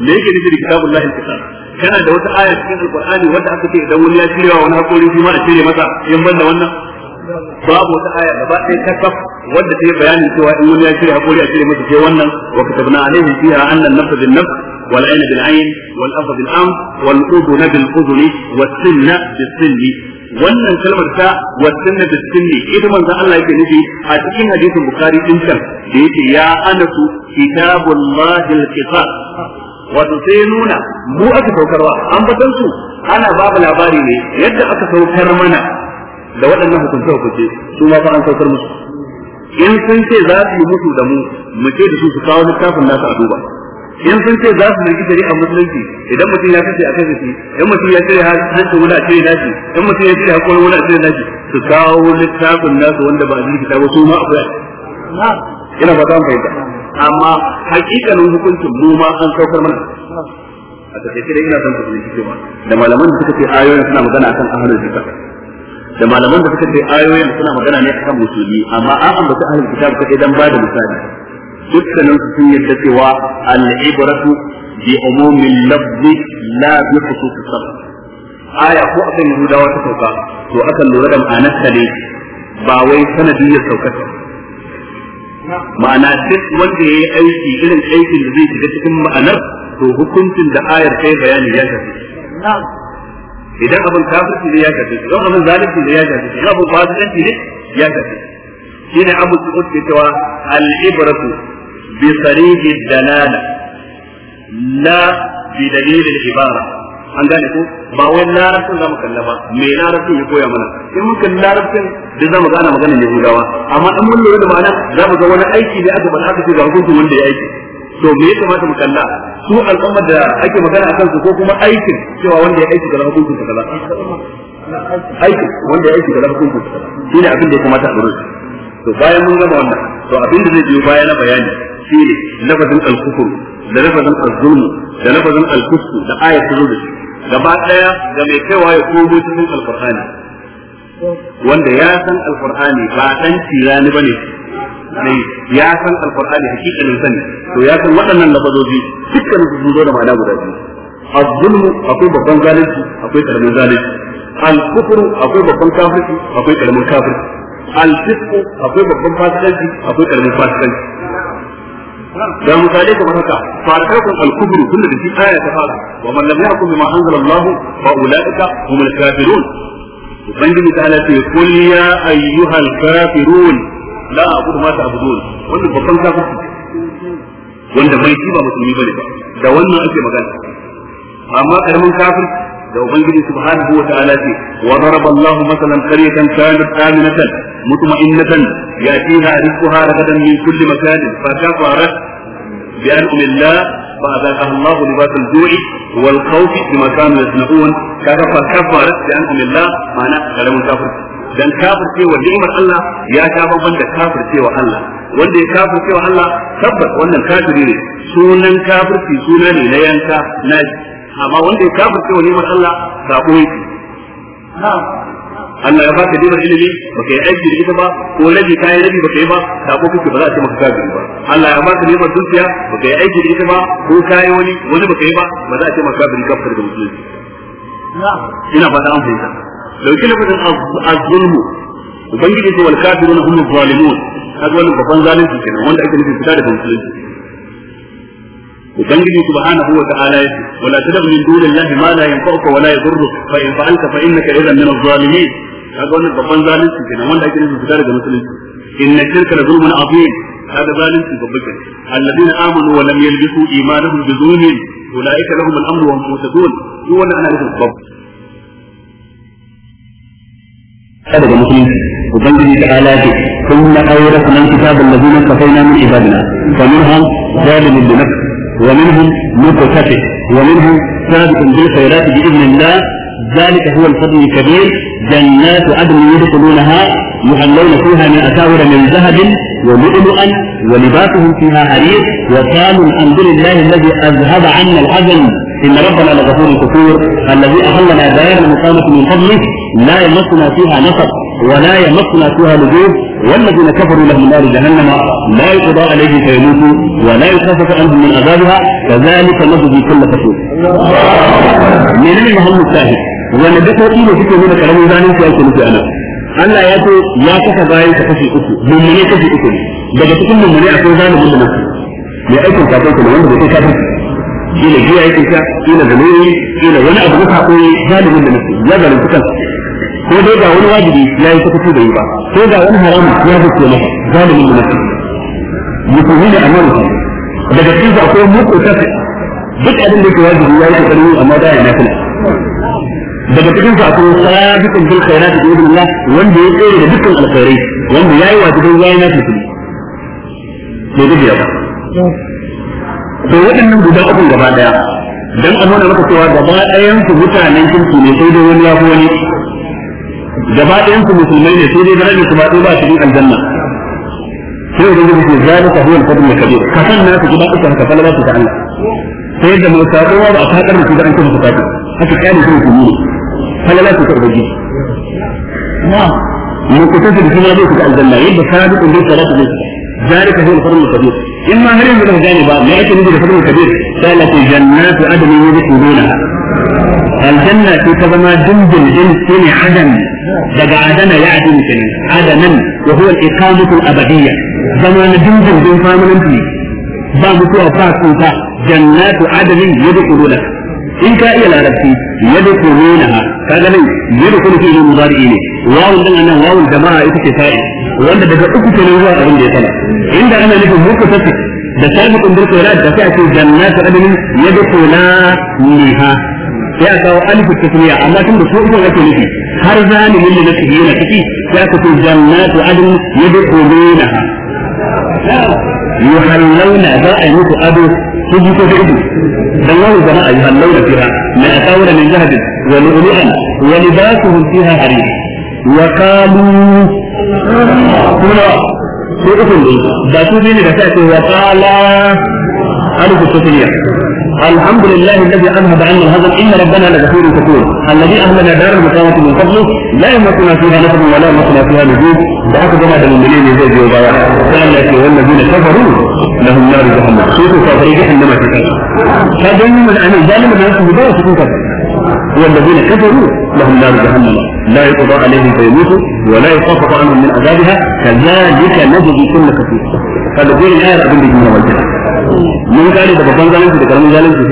me yake nufi da kitabun al-kitab kana da wata aya cikin alqur'ani wanda aka ce idan wani ya shirya wani hakuri shi ma a shirye masa in banda wannan babu wata aya gaba ɗaya kasaf wanda ta yi bayani cewa in wani ya shirya hakuri a shirye masa sai wannan wa katabna alaihi fiha annan nafsa bin nafs wal ayna bil ayn wal anfa bil anf wal udhuna bil udhuni was sinna bis sinni wannan kalmar ta wasanna da sunni ita manzon Allah yake nufi a cikin hadisin bukhari din can da yake ya anasu kitabullahi al-qisas wato sai nuna mu aka saukarwa an batan su ana babu labari ne yadda aka saukar mana da waɗannan hukunce hukunce su ma fa an saukar musu in sun ce za su yi musu da mu mu ce da su su kawo littafin nasu a duba in sun ce za su mulki shari'a musulunci idan mutum ya kace a kai shi in mutum ya cire hanci wani a cire nashi in mutum ya cire hakuri wani a cire nashi su kawo littafin nasu wanda ba a ta ba su ma akwai ina ba ta fahimta amma hakikanin hukuncin mu ma an saukar mana a takaice dai ina son ku fahimci cewa da malaman da suka ce ayoyin suna magana akan ahlul kitab da malaman da suka ce ayoyin suna magana ne akan musulmi amma an ambata ahlul kitab kai dan ba da misali dukkanin su sun yadda cewa al-ibratu bi umumin lafzi la bi khusus sabab aya ko akan yahudawa ta sauka to akan lura da ma'anar ta ne ba wai sanadiyar ya saukata ma'ana duk wanda ya yi aiki irin aikin da zai shiga cikin ma'anar to hukuncin da ayar kai bayani ya shafi idan abin kafirci ne ya shafi idan abin zalunci ne ya shafi idan abin fasikanci ne ya shafi shi ne abu su ke cewa al'ibratu bi sarihi dalala la bi dalilin ibara an gane ko ba wai larabcin mu kalla ba me larabcin ya koya mana in muka larabcin da zamu ga magana maganar yahudawa amma in mun lura da ma'ana za mu ga wani aiki da aka bada aka ce ga hukuncin wanda ya aiki to me ya kamata mu kalla su al'ummar da ake magana akan su ko kuma aikin cewa wanda ya aiki ga hukuncin ta kaza aiki wanda ya aiki ga hukuncin kaza shine abin da ya kamata a lura to bayan mun gama wannan to abin da zai biyo baya na bayani shine lafazin al-kufr da lafazin al-zulm da lafazin al-kufr da ayatul da gaba daya ga mai kaiwa ya komo cikin alqur'ani wanda ya san alqur'ani ba dan tirani bane ne ya san hakika hakikanin sani to ya san waɗannan lafazoji dukkan su zo da ma'ana guda biyu az akwai babban zalunci akwai karamin zalunci al akwai babban kafirci akwai karamin kafirci al-fisqu akwai babban fasikanci akwai karamin fasikanci da misalai kamar haka farakatun al-kubru kullu da shi aya ta fara wa man lam yahkum bima anzala Allah fa ulaika humul kafirun ubangiji ta halatta ya kul ya ayyuhal kafirun la a'budu ma ta'budun wannan babban kafirci wanda mai shi ba musulmi bane ba da wannan ake magana amma karamin kafirci da ubangiji subhanahu wa ta'ala ce wa daraba Allahu masalan qaryatan kanat aminatan مطمئنة يأتيها رزقها رغدا من كل مكان فكفرت بأنعم الله فأذاقها الله لباس الجوع والخوف بما كانوا يصنعون فكفرت بأنعم الله mana غلام كافر dan kafirce wa ni'imar Allah ya ta bamban da kafirce wa Allah wanda ya kafirce wa Allah tabbas wannan kafiri ne sunan kafirci suna ne na yanka na amma wanda ya kafirce wa ni'imar Allah sabo yake Allah ya baka dibar ilimi baka yi aiki da ita ba ko rabi ka yi rabi baka yi ba da ko kuke ba za a ce maka kafiri ba Allah ya baka dibar dukiya baka yi aiki da ita ba ko ka yi wani wani baka yi ba ba za a ce maka kafiri ka fitar da musulunci ina fata an fahimta dauki lafazin az-zulmu ubangiji ce wal kafiruna hum zalimun kaga wannan babban zalunci kenan wanda ake nufin fita da musulunci ubangiji subhanahu wa ta'ala yace wala tad'u min dunillahi ma la yanfa'uka wa la yadhurruka fa in fa'alta fa innaka idhan min adh-dhalimin kaga wannan babban zalunci kenan wanda ake nufin fita daga musulunci inna shirka la zulmun azim kaga zalunci babban kenan alladheena amanu wa lam yalbisu imanahum bi zulmin ulaika lahum al-amru wa hum muhtadun duk wannan ana nufin babban daga musulunci ubangiji ta ala ce ثم أورثنا الكتاب الذين اصطفينا من عبادنا فمنهم ظالم لنفسه ومنهم مقتصد ومنهم سابق بالخيرات بإذن الله ذلك هو الفضل الكبير جنات عدن يدخلونها يحلون فيها من أساور من ذهب ولؤلؤا ولباسهم فيها حرير وقالوا الحمد لله الذي أذهب عنا الحزن إن ربنا لغفور كفور الذي أهلنا دار المقامة من فضله لا يمسنا فيها نصب ولا يمسنا فيها لجوب والذين كفروا لهم نار جهنم لا يقضى عليهم فيموتوا ولا يخفف عنهم من عذابها كذلك نجزي كل كفور. من المهم الشاهد wanda duk wani ne suke nuna karamin zanen su yake nufi ana Allah ya ce ya kafa bayan ka kashi uku mummune kashi uku ne daga cikin mummune akwai zalimin da nasu ya aikin kafin kuma wanda bai kai kafin ne biya aikin ka kila zamiri ne wani abu na sako zalimin da nasu ya zalunci kansa ko dai ga wani wajibi ya yi sakaci da yi ba ko ga wani haramu ya zuke masa zalimin da nasu musulmi a annabi daga cikin akwai mutunta duk abin da ke wajibi ya yi kokarin amma da ya nafi daga cikin su akwai sabiqun bil khairat bi idnillah wanda ya tsere da dukkan alkhairai wanda yayi wa cikin zayina su kuma ne da biya to waɗannan guda uku gaba daya dan a nuna maka cewa gaba ɗayan su mutanen kirki ne sai dai wani ya wani gaba ɗayan su musulmai ne sai dai da rage su ba cikin aljanna sai da yake zalika huwa al-fadl al-kabir ka san na ka gida uku ka su ta Allah sai da mai sabuwa ba a fadar da shi da an kuma ta haka kai ne kuma falala ce ta ubangiji mun ku tafi da kuma zai aljanna yadda sabiqun bi salatu zai zalika huwa al-fadl al in ma har yanzu ba gane ba me yake nufi da fadl kabir sai la ta jannatu adni yadkhuluna aljanna ce ta zama dindin din shine adam daga adana ya adin kin adanan wa huwa al-iqamatu al-abadiyya zama na dindin din famanin ne ba mutuwa ba kuka jannatu adnin yadkhuluna in ka iya larabci yadkhuluna kaga nan yadkhulu fi al-mudari ne wawun din nan wawun jama'a ita ce fa'i wanda daga uku kenan zuwa abin da ya sana inda ana nufin muku tafi da sabiqun bil khairat da sai a ce jannatu adnin yadkhula niha sai a kawo alifu tasmiya amma tun da su uku ake nufi har zalimin da nake yana ciki sai aka ce jannatu adnin yadkhulunaha yuhallawna za a yi muku ado كوجي كوجي إبو دلوا الزماء يهلون فيها ما أتاون من ذهب ولؤلؤا ولباسهم فيها حرير وقالوا كنا ko ukun ne ba su ne da sai ko waqala alifu sufiyya الحمد لله الذي أذهب عنا الهزل إن ربنا لغفور شكور الذي أهلنا دار المساواة من قبله لا يمسنا فيها نصب ولا يمسنا فيها نجوم دعك جماعة المؤمنين زيد وبايع قال لك والذين كفروا لهم نار جهنم شوفوا كافرين جهنم تكفر هذا من أن الظالم الناس بداية تكون كفر والذين كفروا لهم نار جهنم لا يقضى عليهم فيموتوا ولا يخفف عنهم من عذابها كذلك نجد كل كفير فالذين لا يرى بالجنة والجنة mun kare da babban zalunci da karamin zalunci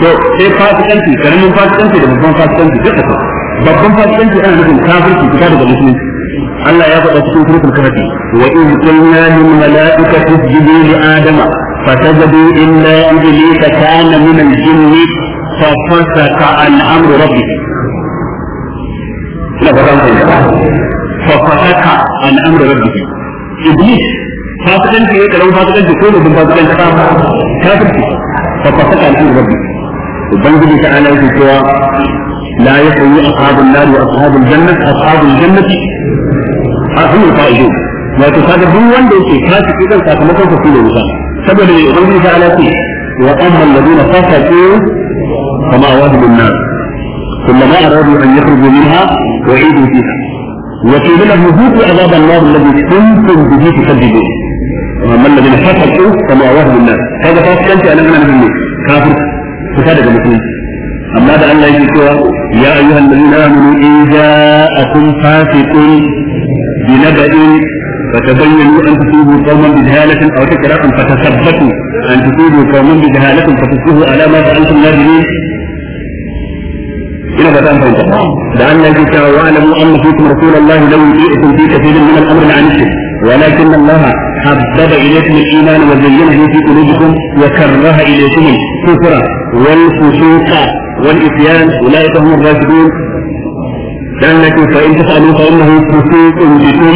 to sai fasikanci karamin fasikanci da babban fasikanci duka su babban fasikanci ana nufin kafirci fita daga musulunci Allah ya faɗa cikin suratul kahfi wa in qulna lil malaikati isjudu li adama fasajadu illa iblisa kana min al jinni fa fasaka an amri rabbih ina ba ran fa fasaka an amri rabbih iblis fasikanci ne karamin fasikanci ko babban fasikanci ba kafirci fa fasaka al'an rabbi ubangiji ta ala yake cewa la yasawi ashabun nar wa ashabul jannah ashabul jannah ashabul fa'idun wato kaga duk wanda yake kafirci dan sakamakon sa shine wuta saboda ne ubangiji ta ala ce wa amma alladhina fasaqu kama wahum an-nar كلما أرادوا أن يخرجوا منها أعيدوا فيها وقيل له ذوقوا عذاب النار الذي كنتم به تكذبون وأما الذين فما فمأواهم الناس هذا فاسقا أنا أنا من كافر فساد المسلمين أما أن لا يقول يا أيها الذين آمنوا إن جاءكم فاسق بنبأ فتبينوا أن تصيبوا قوما بجهالة أو تكرارا فتثبتوا أن تصيبوا قوما بجهالة فتصيبوا على ما فعلتم نادرين إلى ba ta amfani لأن Allah ya أن فيكم رسول الله fikum rasulullahi في كثير من الأمر min al ولكن الله حبب إليكم الإيمان وزينه في قلوبكم وكره إليكم الكفر والفسوق والإتيان أولئك هم الراشدون لأنكم فإن تفعلوا فإنه فسوق بكم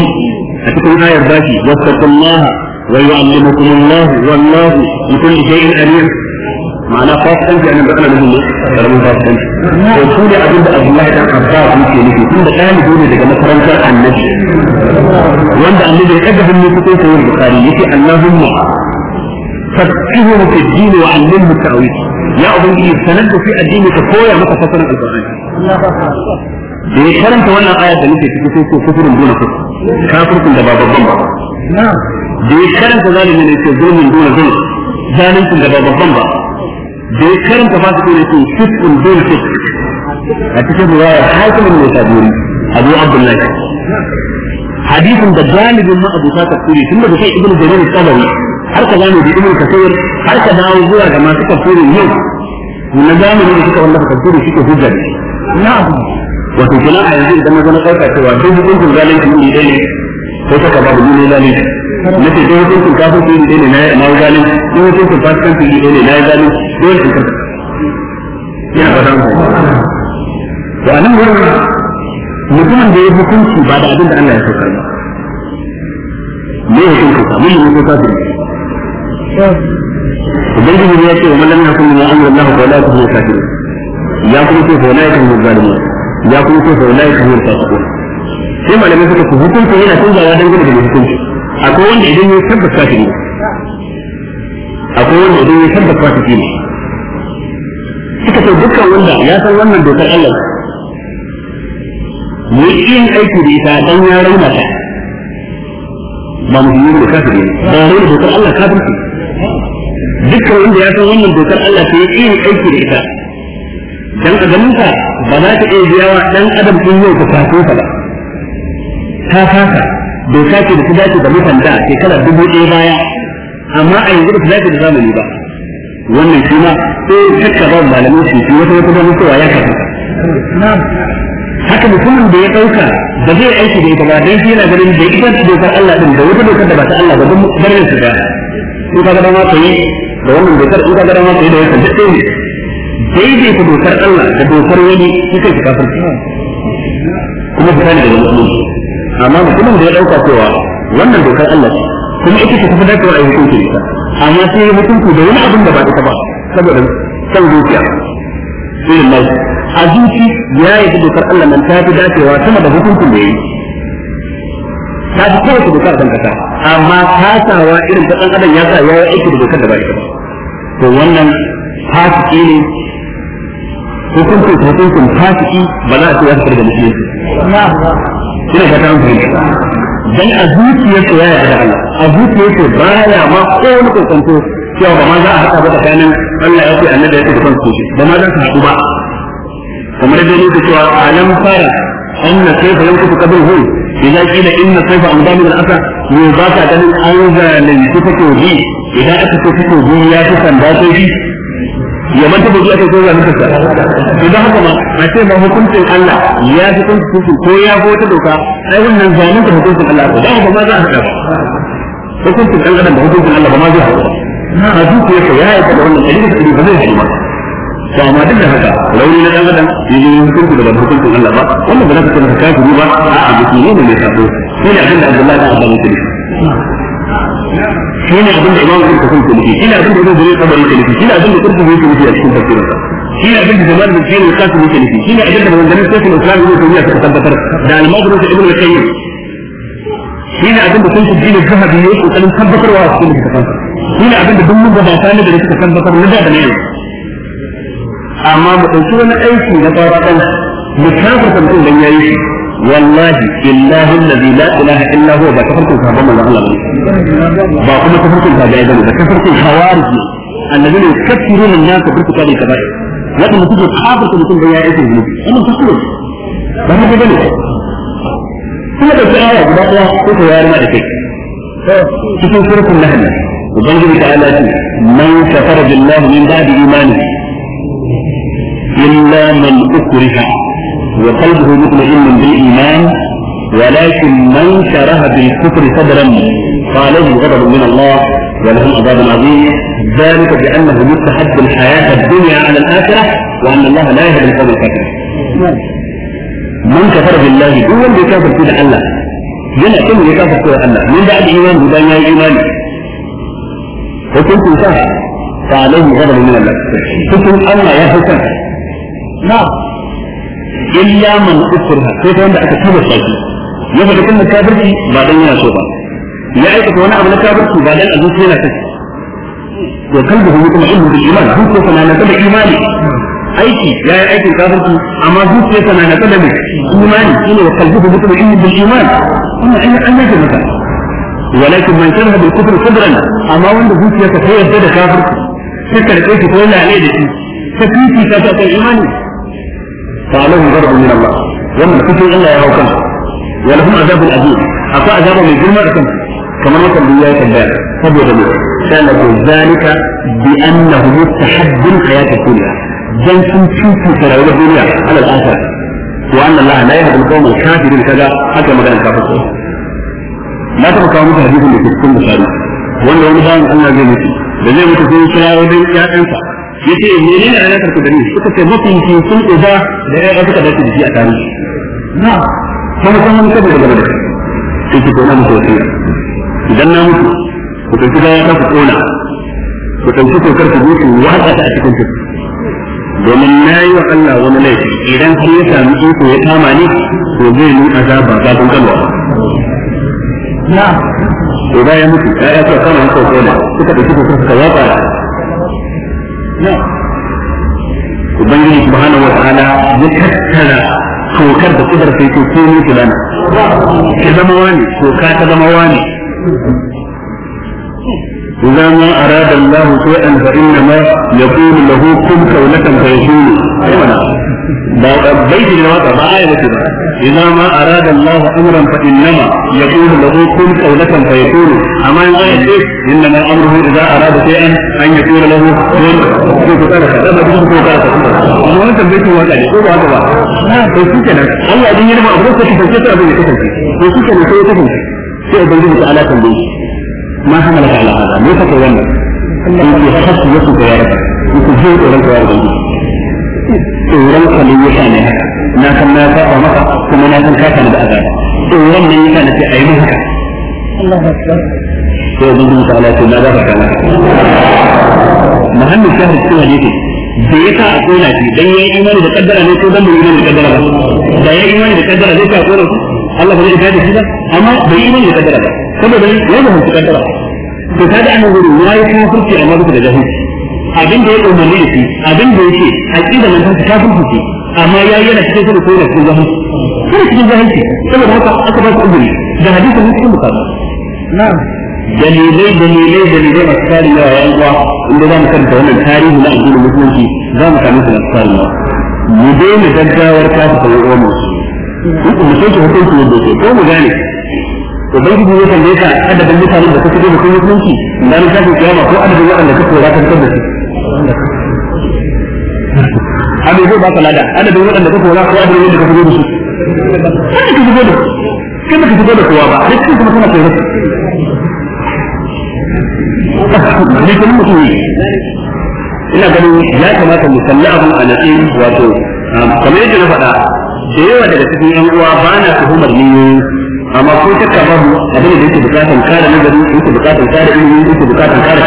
أتكم آية باكي واتقوا الله ويعلمكم الله والله بكل شيء أليم ma'ana fasikanci a nan da ana nufin ne karamin fasikanci to su ne abin da abdullahi dan abbas yake nufi tun da ɗalibi ne daga makarantar annabi wanda annabi ya kaga hannu cikin sahih bukhari yace allahumma fakkihu fi ad-din wa allimhu ta'wil ya ubangiji sanar da fi addini ka koya maka fasarin alqur'ani da ya karanta wannan ayar da nake cikin sai ko kufurin dole kufur kafirkun da ba babban ba da ya karanta zalimi ne ce zulmin dole zulm zalincin da ba babban ba da ya karanta fasikin yake fiskun bin fik a cikin riwayar hakimin mai saburi abu abdullahi hadisin da galibin ma abu ta tafsiri tun daga kai ibnu jarir sabawi har ka gane da ibnu kasir har ka dawo zuwa ga masu tafsirin yau na zamani da suka wallafa tafsiri suke hujja na'am wato kenan a yanzu idan na zo na ɗauka cewa duk hukuncin zalunci ne ɗaya ne sai ka babu ne zalunci na ce dai hukuncin kafin su yi ne na yi zalim dai hukuncin fasikan su yi ne na yi zalim dole su karɓa yana fata mu to anan wurin mutumin da ya hukunci ba da abin da Allah ya sauka ba ne hukuncin sa mun yi ko kafin ubangiji ne ya ce wa mallan ya kuma ya Allah ko la ta huwa kafin ya kuma ce fa la ya ya kuma ce fa la ya kuma sai malamai suka ku yana canzawa dangane da hukunci akwai wanda idan ya tabbata kafiri akwai wanda idan ya tabbata kafiri ne suka ce dukkan wanda ya san wannan dokar Allah mu yi yin aiki da ita dan ya rauna ta ba musulmi ne kafiri ne ba rauna dokar Allah kafirci dukkan wanda ya san wannan dokar Allah yi yin aiki da ita dan adaminka ba za ta iya biya wa dan adam din yau ka fafo ba ta fasa doka ce da ta dace da mutan da shekara dubu ɗaya baya amma a yanzu da ta dace da zamani ba wannan shi ma ko shakka ba malamin shi shi wata wata zama cewa ya kafa haka mutumin da ya ɗauka ba zai aiki da ita ba dan shi yana ganin da ita dokar Allah din da wata dokar da ba ta Allah ba don barin su ba in ka ga dama ka yi da wannan dokar in ka ga dama ka yi da wannan duk ne daidai ku dokar Allah da dokar wani kuka ki kafirci kuma ku ne da musulunci amma mutumin da ya dauka cewa wannan dokar Allah ce kuma ita ce tafi dacewa a hukunci ita amma sai ya hukunci da wani abin da ba ita ba saboda san zuciya irin mai a zuci ya yi dokar Allah nan ta fi dacewa sama da hukuncin da ya yi ta fi su dokar kan ta amma kasawa irin ta dan adam ya sa ya yi aiki da dokar da ba ita ba to wannan fasiki ne hukuncin hukuncin fasiki ba za a ce ya fitar da musulunci ina ka tawo ne dan a zuciyar ya yarda da Allah a zuciyar ko baya ma ko wani kokonto cewa ba ma za a haɗa ba tsakanin Allah ya ce annabi ya ce da kansu ba ma za su haɗu ba kamar da yake cewa alam fara anna kayfa yankutu qablahu idan kila inna kayfa amdamu da asa ne ba ka ganin an zalunci fito bi idan aka ce fito bi ya fi sanda sai ya manta ba zuwa kai ko ya manta to haka ma a ce ma hukuncin Allah ya fi kan hukunci ko ya fi wata doka ai wannan ya da hukuncin Allah ko dan ba ma za a hada hukuncin Allah da hukuncin Allah ba ma zai ba a zuciya ka ya yi da wannan dalilin da ba zai yi ba to amma duk da haka rauni na dan adam yaje hukunci daga hukuncin Allah ba wannan ba za ka kana kafiri ba a'a musulmi ne mai sabo sai da abin da Abdullahi da Abdullahi shi ne abin da imamu ke nufi shi ne abin da zai zai nufi shi ne abin da nufi a cikin tafsirin sa shi ne abin da da shi ne kasu yake nufi shi ne abin da maganganun tabbatar da al-qayyim shi ne abin da sun shi zahabi cikin shi ne abin da duk mun da suka tabbatar na da ne amma mu ɗauki wani aiki na tsawon mu kafirta dan yayi shi wallahi billahi allazi la ce man kafara billahi imani illa man وقلبه مطمئن بالإيمان ولكن من شره بالكفر صدرا فعليه غضب من الله ولهم عذاب عظيم ذلك بأنه يستحب الحياة الدنيا على الآخرة وأن الله لا يهدي القوم الكافرين من كفر بالله هو اللي كافر كده الله من كل ya كافر ko الله من بعد إيمان idan yayi imani hukuncin فعليه غضب من الله min الله يا Allah نعم illa man ukriha sai ta wanda aka tabbata shi ya faɗi kalmar kafirci ba dan yana so ba ya aikata wani abu na kafirci ba dan azuci yana kashi to kalbuhu mutma'innu bil iman hu ko kana na da imani aiki ya yi aikin kafirci amma zuciyarsa na natsala imani ina wa kalbuhu mutma'innu bil iman ina ayyuka an yake maka walakin man kana bil kufri sadran amma wanda zuciyarsa ta yarda da kafirci ta karɓe shi ko yana da shi ta fifi ta ta imani فعليهم غضب من الله وما كنت إلا يا وكم ولهم يعني عذاب أليم أقوى عذاب من جرمة كما نقل بالله كذلك فبو جميل قال ذلك بأنه مستحب الحياة الدنيا جن تشوفوا تراويح الدنيا على الآخرة وأن الله لا يهدي القوم الكافرين كذا حتى ما كان كافر لا تبقى مثل هذه اللي في السنة وأن لو نبان الله جميل da zai mutu sun kira yace menene alakar ku da ni suka ce mafi sun uba da ya suka dace da shi a tarihi na kuma san wani kabar da da shi ki ko na mutu wasiya idan na mutu ku tafi bayan ya ku kona ku tafi ko karku gutu waka ta a cikin tafi domin na yi wa Allah wani laifi idan sai ya sami iko ya kama ni to zai mun azaba ba kun kalwa na to bayan mutu ya ya ka kama ko kona suka tafi ku karka waka ubangiji subhanahu wataala ya tattara tokar da kudar sai ko ko mutu lana ta zama wani toka ta zama wani إذا ما أراد الله شيئا فإنما يقول له كن كونة فيكون آية إذا ما أراد الله أمرا فإنما يقول له كن كونة فيكون أما آية إنما أمره إذا أراد شيئا أن يقول له كن كونة فيكون أما أراد شيئا أن يقول له له إذا إذا إذا أراد أراد أراد شيئا شيئا شيئا أن يقول هذا الله ما حملك على هذا ليس كوانا انت خص يسوك saba maka sai na za ka kama shahu cikin hadisi da ya sa a kona shi dan ya yi imani da kaddara ne ko dan bai imani da kaddara ba da ya yi imani da kaddara zai sa a kona Allah ba zai shi ba amma bai imani da kaddara ba saboda ya fahimci kaddara to ta da annabi ya yi kafirci amma duka da jahilci abin da ya umarni da shi abin da yake aqida nan ta kafirci ce amma ya yi yana cikin sirri ko da cikin jahilci kada cikin jahilci saboda haka aka ba su uzuri da hadisin muslim bukata na'am dalilai dalilai dalilai masu tarin yawa ya uwa inda za mu karanta wannan tarihi na addinin musulunci za mu kame su da tarin yawa mu daina gaggawar kafa sauran mu mu sauke hukunci yadda ke ko mu gane ubangiji ne tambaye ka adadin mutanen da ka shigo da kun hukunci na lissafin kiyama ko adadin waɗanda ka kora ka fitar da su abin zai baka lada adadin waɗanda ka kora ko adadin wanda ka shigo da su kada ka shigo da kai baka shigo da kowa ba a cikin kuma kana kai rasu ne kuma mutum ne ina ganin ya kamata mu kalli abin a natsi wato um, kamar yadda na faɗa da yawa daga cikin yan uwa ba na tuhumar niyoyinsu amma ko ta ka babu abin da yake bukatan kare nazari yake bukatan kare ilimi yake bukatan kare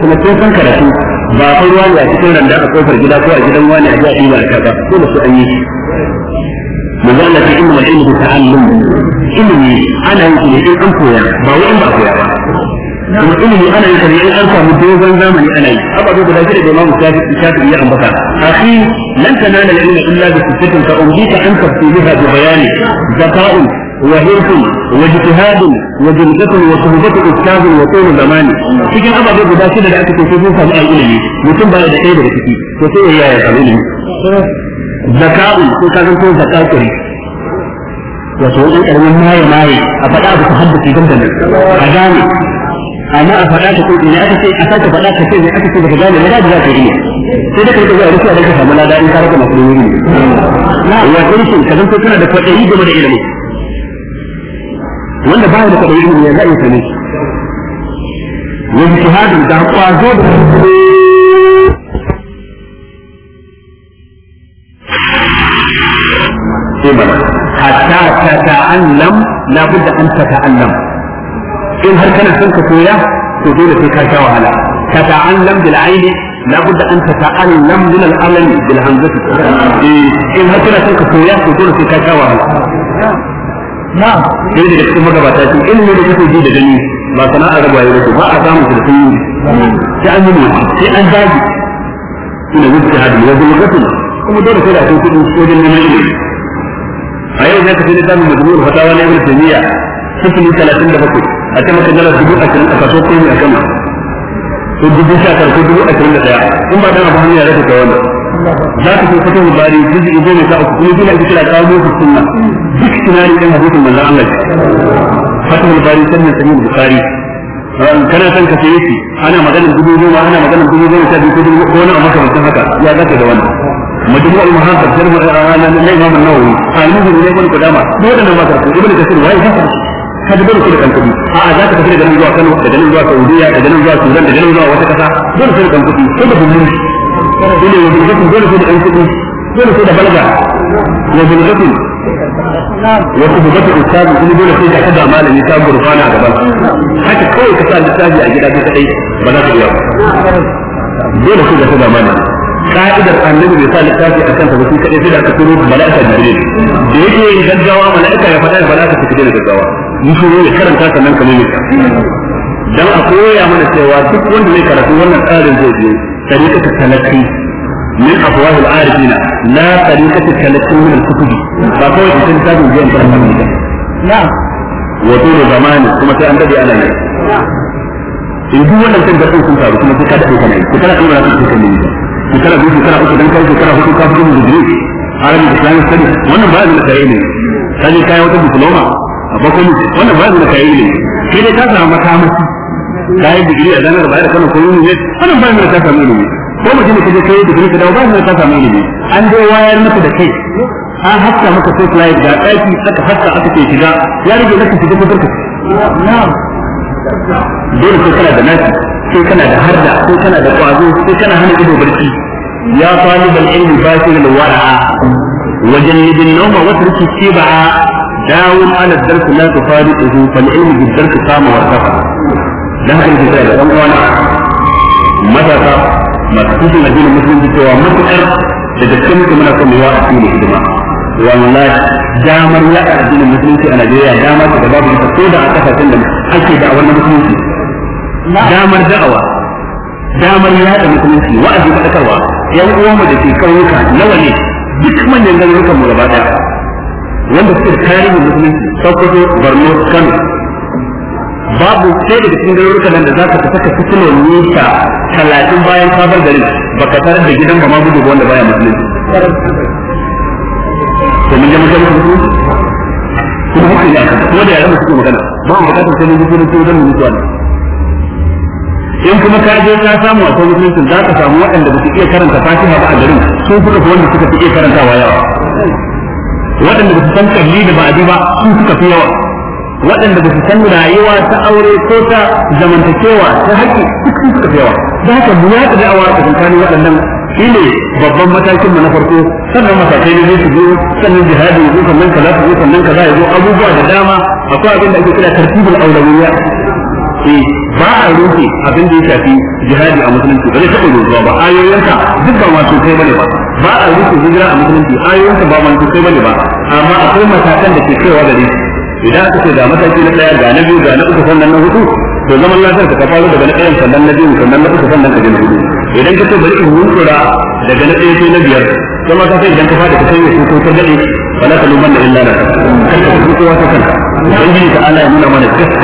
kuma ko san karatu ba kai wani a cikin randa a kofar gida ko a gidan wani a ji a ɗiba kaba ko da su an yi shi manzo Allah ce inna al-ilmu bi ta'allum ilimi ana yin shi ne in an koya ba wai in ba koya ba kuma ilimi ana yin shi ne in an samu dogon zamani ana yi ababe guda shida da Imam Shafi ya ambata akhi lan tanala al-ilma illa bi sittatin fa umdika an tafsirha bi bayani zaka'un وحرص واجتهاد وجلدة وصحبة أستاذ وطول زمان cikin ababe guda shida da aka ce sun samu al'ilimi mutum ba da ɗaya daga ciki ya yaya samu ilimi zaka'u ko ka zanto zaka'u kuri wato wani ƙaramin maye maye a faɗa abu ta haddace dandana a gane amma a faɗa ta kuɗi ne aka ce a sake aka ce daga gane na da za ka yi sai da kai zuwa rufe a rage samu lada in ka rage masu ilimi ne wa kurshin ka zanto kana da kwaɗayi game da ilimi wanda baya da kwaɗayi ilimi ya za'a same shi wani shahadin da kwazo da hatta ta ta'allam la budda an ta ta'allam in har kana son ka koya to dole sai ka sha wahala ka ta'allam bil aini la budda an ta ta'allam min al alami bil hamzati in har kana son ka koya to dole sai ka sha wahala na'am sai daga cikin magabata shi ilimi da kake ji da gani ba ba ba a samu da sun yi sai an yi sai an ina kuma dole sai da kudin neman ilimi a yau zaka sai da fatawa na talatin da bakwai a ta maka dala dubu ashirin a kaso a ko dubu sha ko dubu ashirin da ɗaya in ba dana ba hanyar wannan za ka kai fatawar bari jiji ibo mai sa'uku kuma dole ake kira kawo musu sunna duk tunani ɗin hadisin manzan Allah ce fatawar bari sannan sanyin bukari kana son ka sayi ana maganar dubu goma ana maganar dubu goma sha biyu ko dubu ko na maka mutum haka ya zaka da wannan majmu al muhaddab sharh al na na imam an-nawawi ne kun kudama dole na maka ko ibnu kasir wai haka ka da barku da kanku a a zaka tafi da nan zuwa Kano da nan zuwa Saudiya da nan zuwa Sudan da nan zuwa wata kasa dole sai kanku ko da mun dole ya bilgatin dole sai da dole sai da ya bilgatin wasu ustazi kuma dole sai da kada malami ta a gaban haka kawai ka sa littafi a gida kadai ba za ka iya dole sai da kada malami ka'idar annabi bai sa littafi a ba kadai sai da ka turo mala'ika da yake yin gaggawa mala'ika ya faɗa da mala'ika da gaggawa ya karanta sannan kamar yadda dan a koya mana cewa duk wanda zai karatu wannan tsarin zai biyo طريقة التلقي من أفواه العارفين لا طريقة التلقي من الكتب فقوة تنتهي جيم فرحة نعم وطول زمان ثم تأمدد على in duk wannan kan gaban sun faru kuma sai ka daɗe kana yi ku tara kuma za ku kan yi ku tara ku ku tara ku dan kai ku tara ku ka fito da digiri aran islamic study wannan ba zai kai ne kaje kai wata diploma a bakon wannan ba zai kai ne sai dai ka samu makamaci kayan digiri a zanar bayar kanan ko ilimi ne wannan bayan da ka samu ilimi ko mutum da kaje kai digiri ka dawo bayan da ka samu ilimi an dai wayar maka da kai an haska maka sai fly ga daki aka haska aka ke shiga ya rage maka shiga ko barka dole sai kana da nasi sai kana da harda sai kana da kwazo sai kana hana ido barci ya talibal ilmi bashir al-wara'a وجنب النوم واترك الشبع داوم على الدرس لا تفارقه فالعلم بالدرس قام وارتفع nake kira da ɗan uwana matasa masu kusur addinin musulunci cewa matuƙar da yawa a cikin hidima wallahi damar ya a musulunci a Najeriya dama ce da ko da a kasashen da ake da wannan musulunci damar da'awa damar yaɗa musulunci wa'azi faɗakarwa yan uwanmu da ke ƙauyuka nawa ne duk manyan garurukan mu gaba ɗaya wanda suke tarihin musulunci sokoto borno kano babu sai daga cikin garuruka nan da za ka fita ka fito ne nisa talatin bayan ka bar garin baka tarar da gidan ba ma gudu wanda baya musulunci to mun je mun musulunci kuma mun ina aka kuma da yaran suke magana ba mu bukatar sai mun ji sunan sunan mun zuwa in kuma ka je ka samu akwai musulunci za ka samu waɗanda ba su iya karanta fatiha ba a garin su kuka fi wanda suka fi iya karantawa yawa waɗanda ba su san kalli da ba'adi ba su suka fi yawa waɗanda ba su san rayuwa ta aure ko ta zamantakewa ta haƙƙi duk sun suka fiyawa da haka mu yaɗa da'awa a tsakanin waɗannan shi ne babban matakin mu na farko sannan matakai ne su zo sannan jihadi ya zo sannan kaza su zo sannan kaza ya zo abubuwa da dama akwai abin da ake kira tartibul aulawiyya eh ba a rufe abin da ya shafi jihadi a musulunci ba zai taɓa yiwuwa ba ayoyinka duk ba masu kai bane ba ba a rufe hijira a musulunci ayoyinka ba masu kai bane ba amma akwai matakan da ke kaiwa gare shi idan aka ce ga mataki na daya ga na biyu ga na uku sannan na hudu to zaman lafiyar ka faru daga na ɗayan sannan na biyu sannan na uku sannan ka je hudu idan ka ce bari in hunkura daga na ɗaya sai na biyar kuma ka sai idan ka fada ka sai ya ko ka ba na ta lumanna illa na kanka ka kowa ta kanka ubangiji ta ana ya nuna mana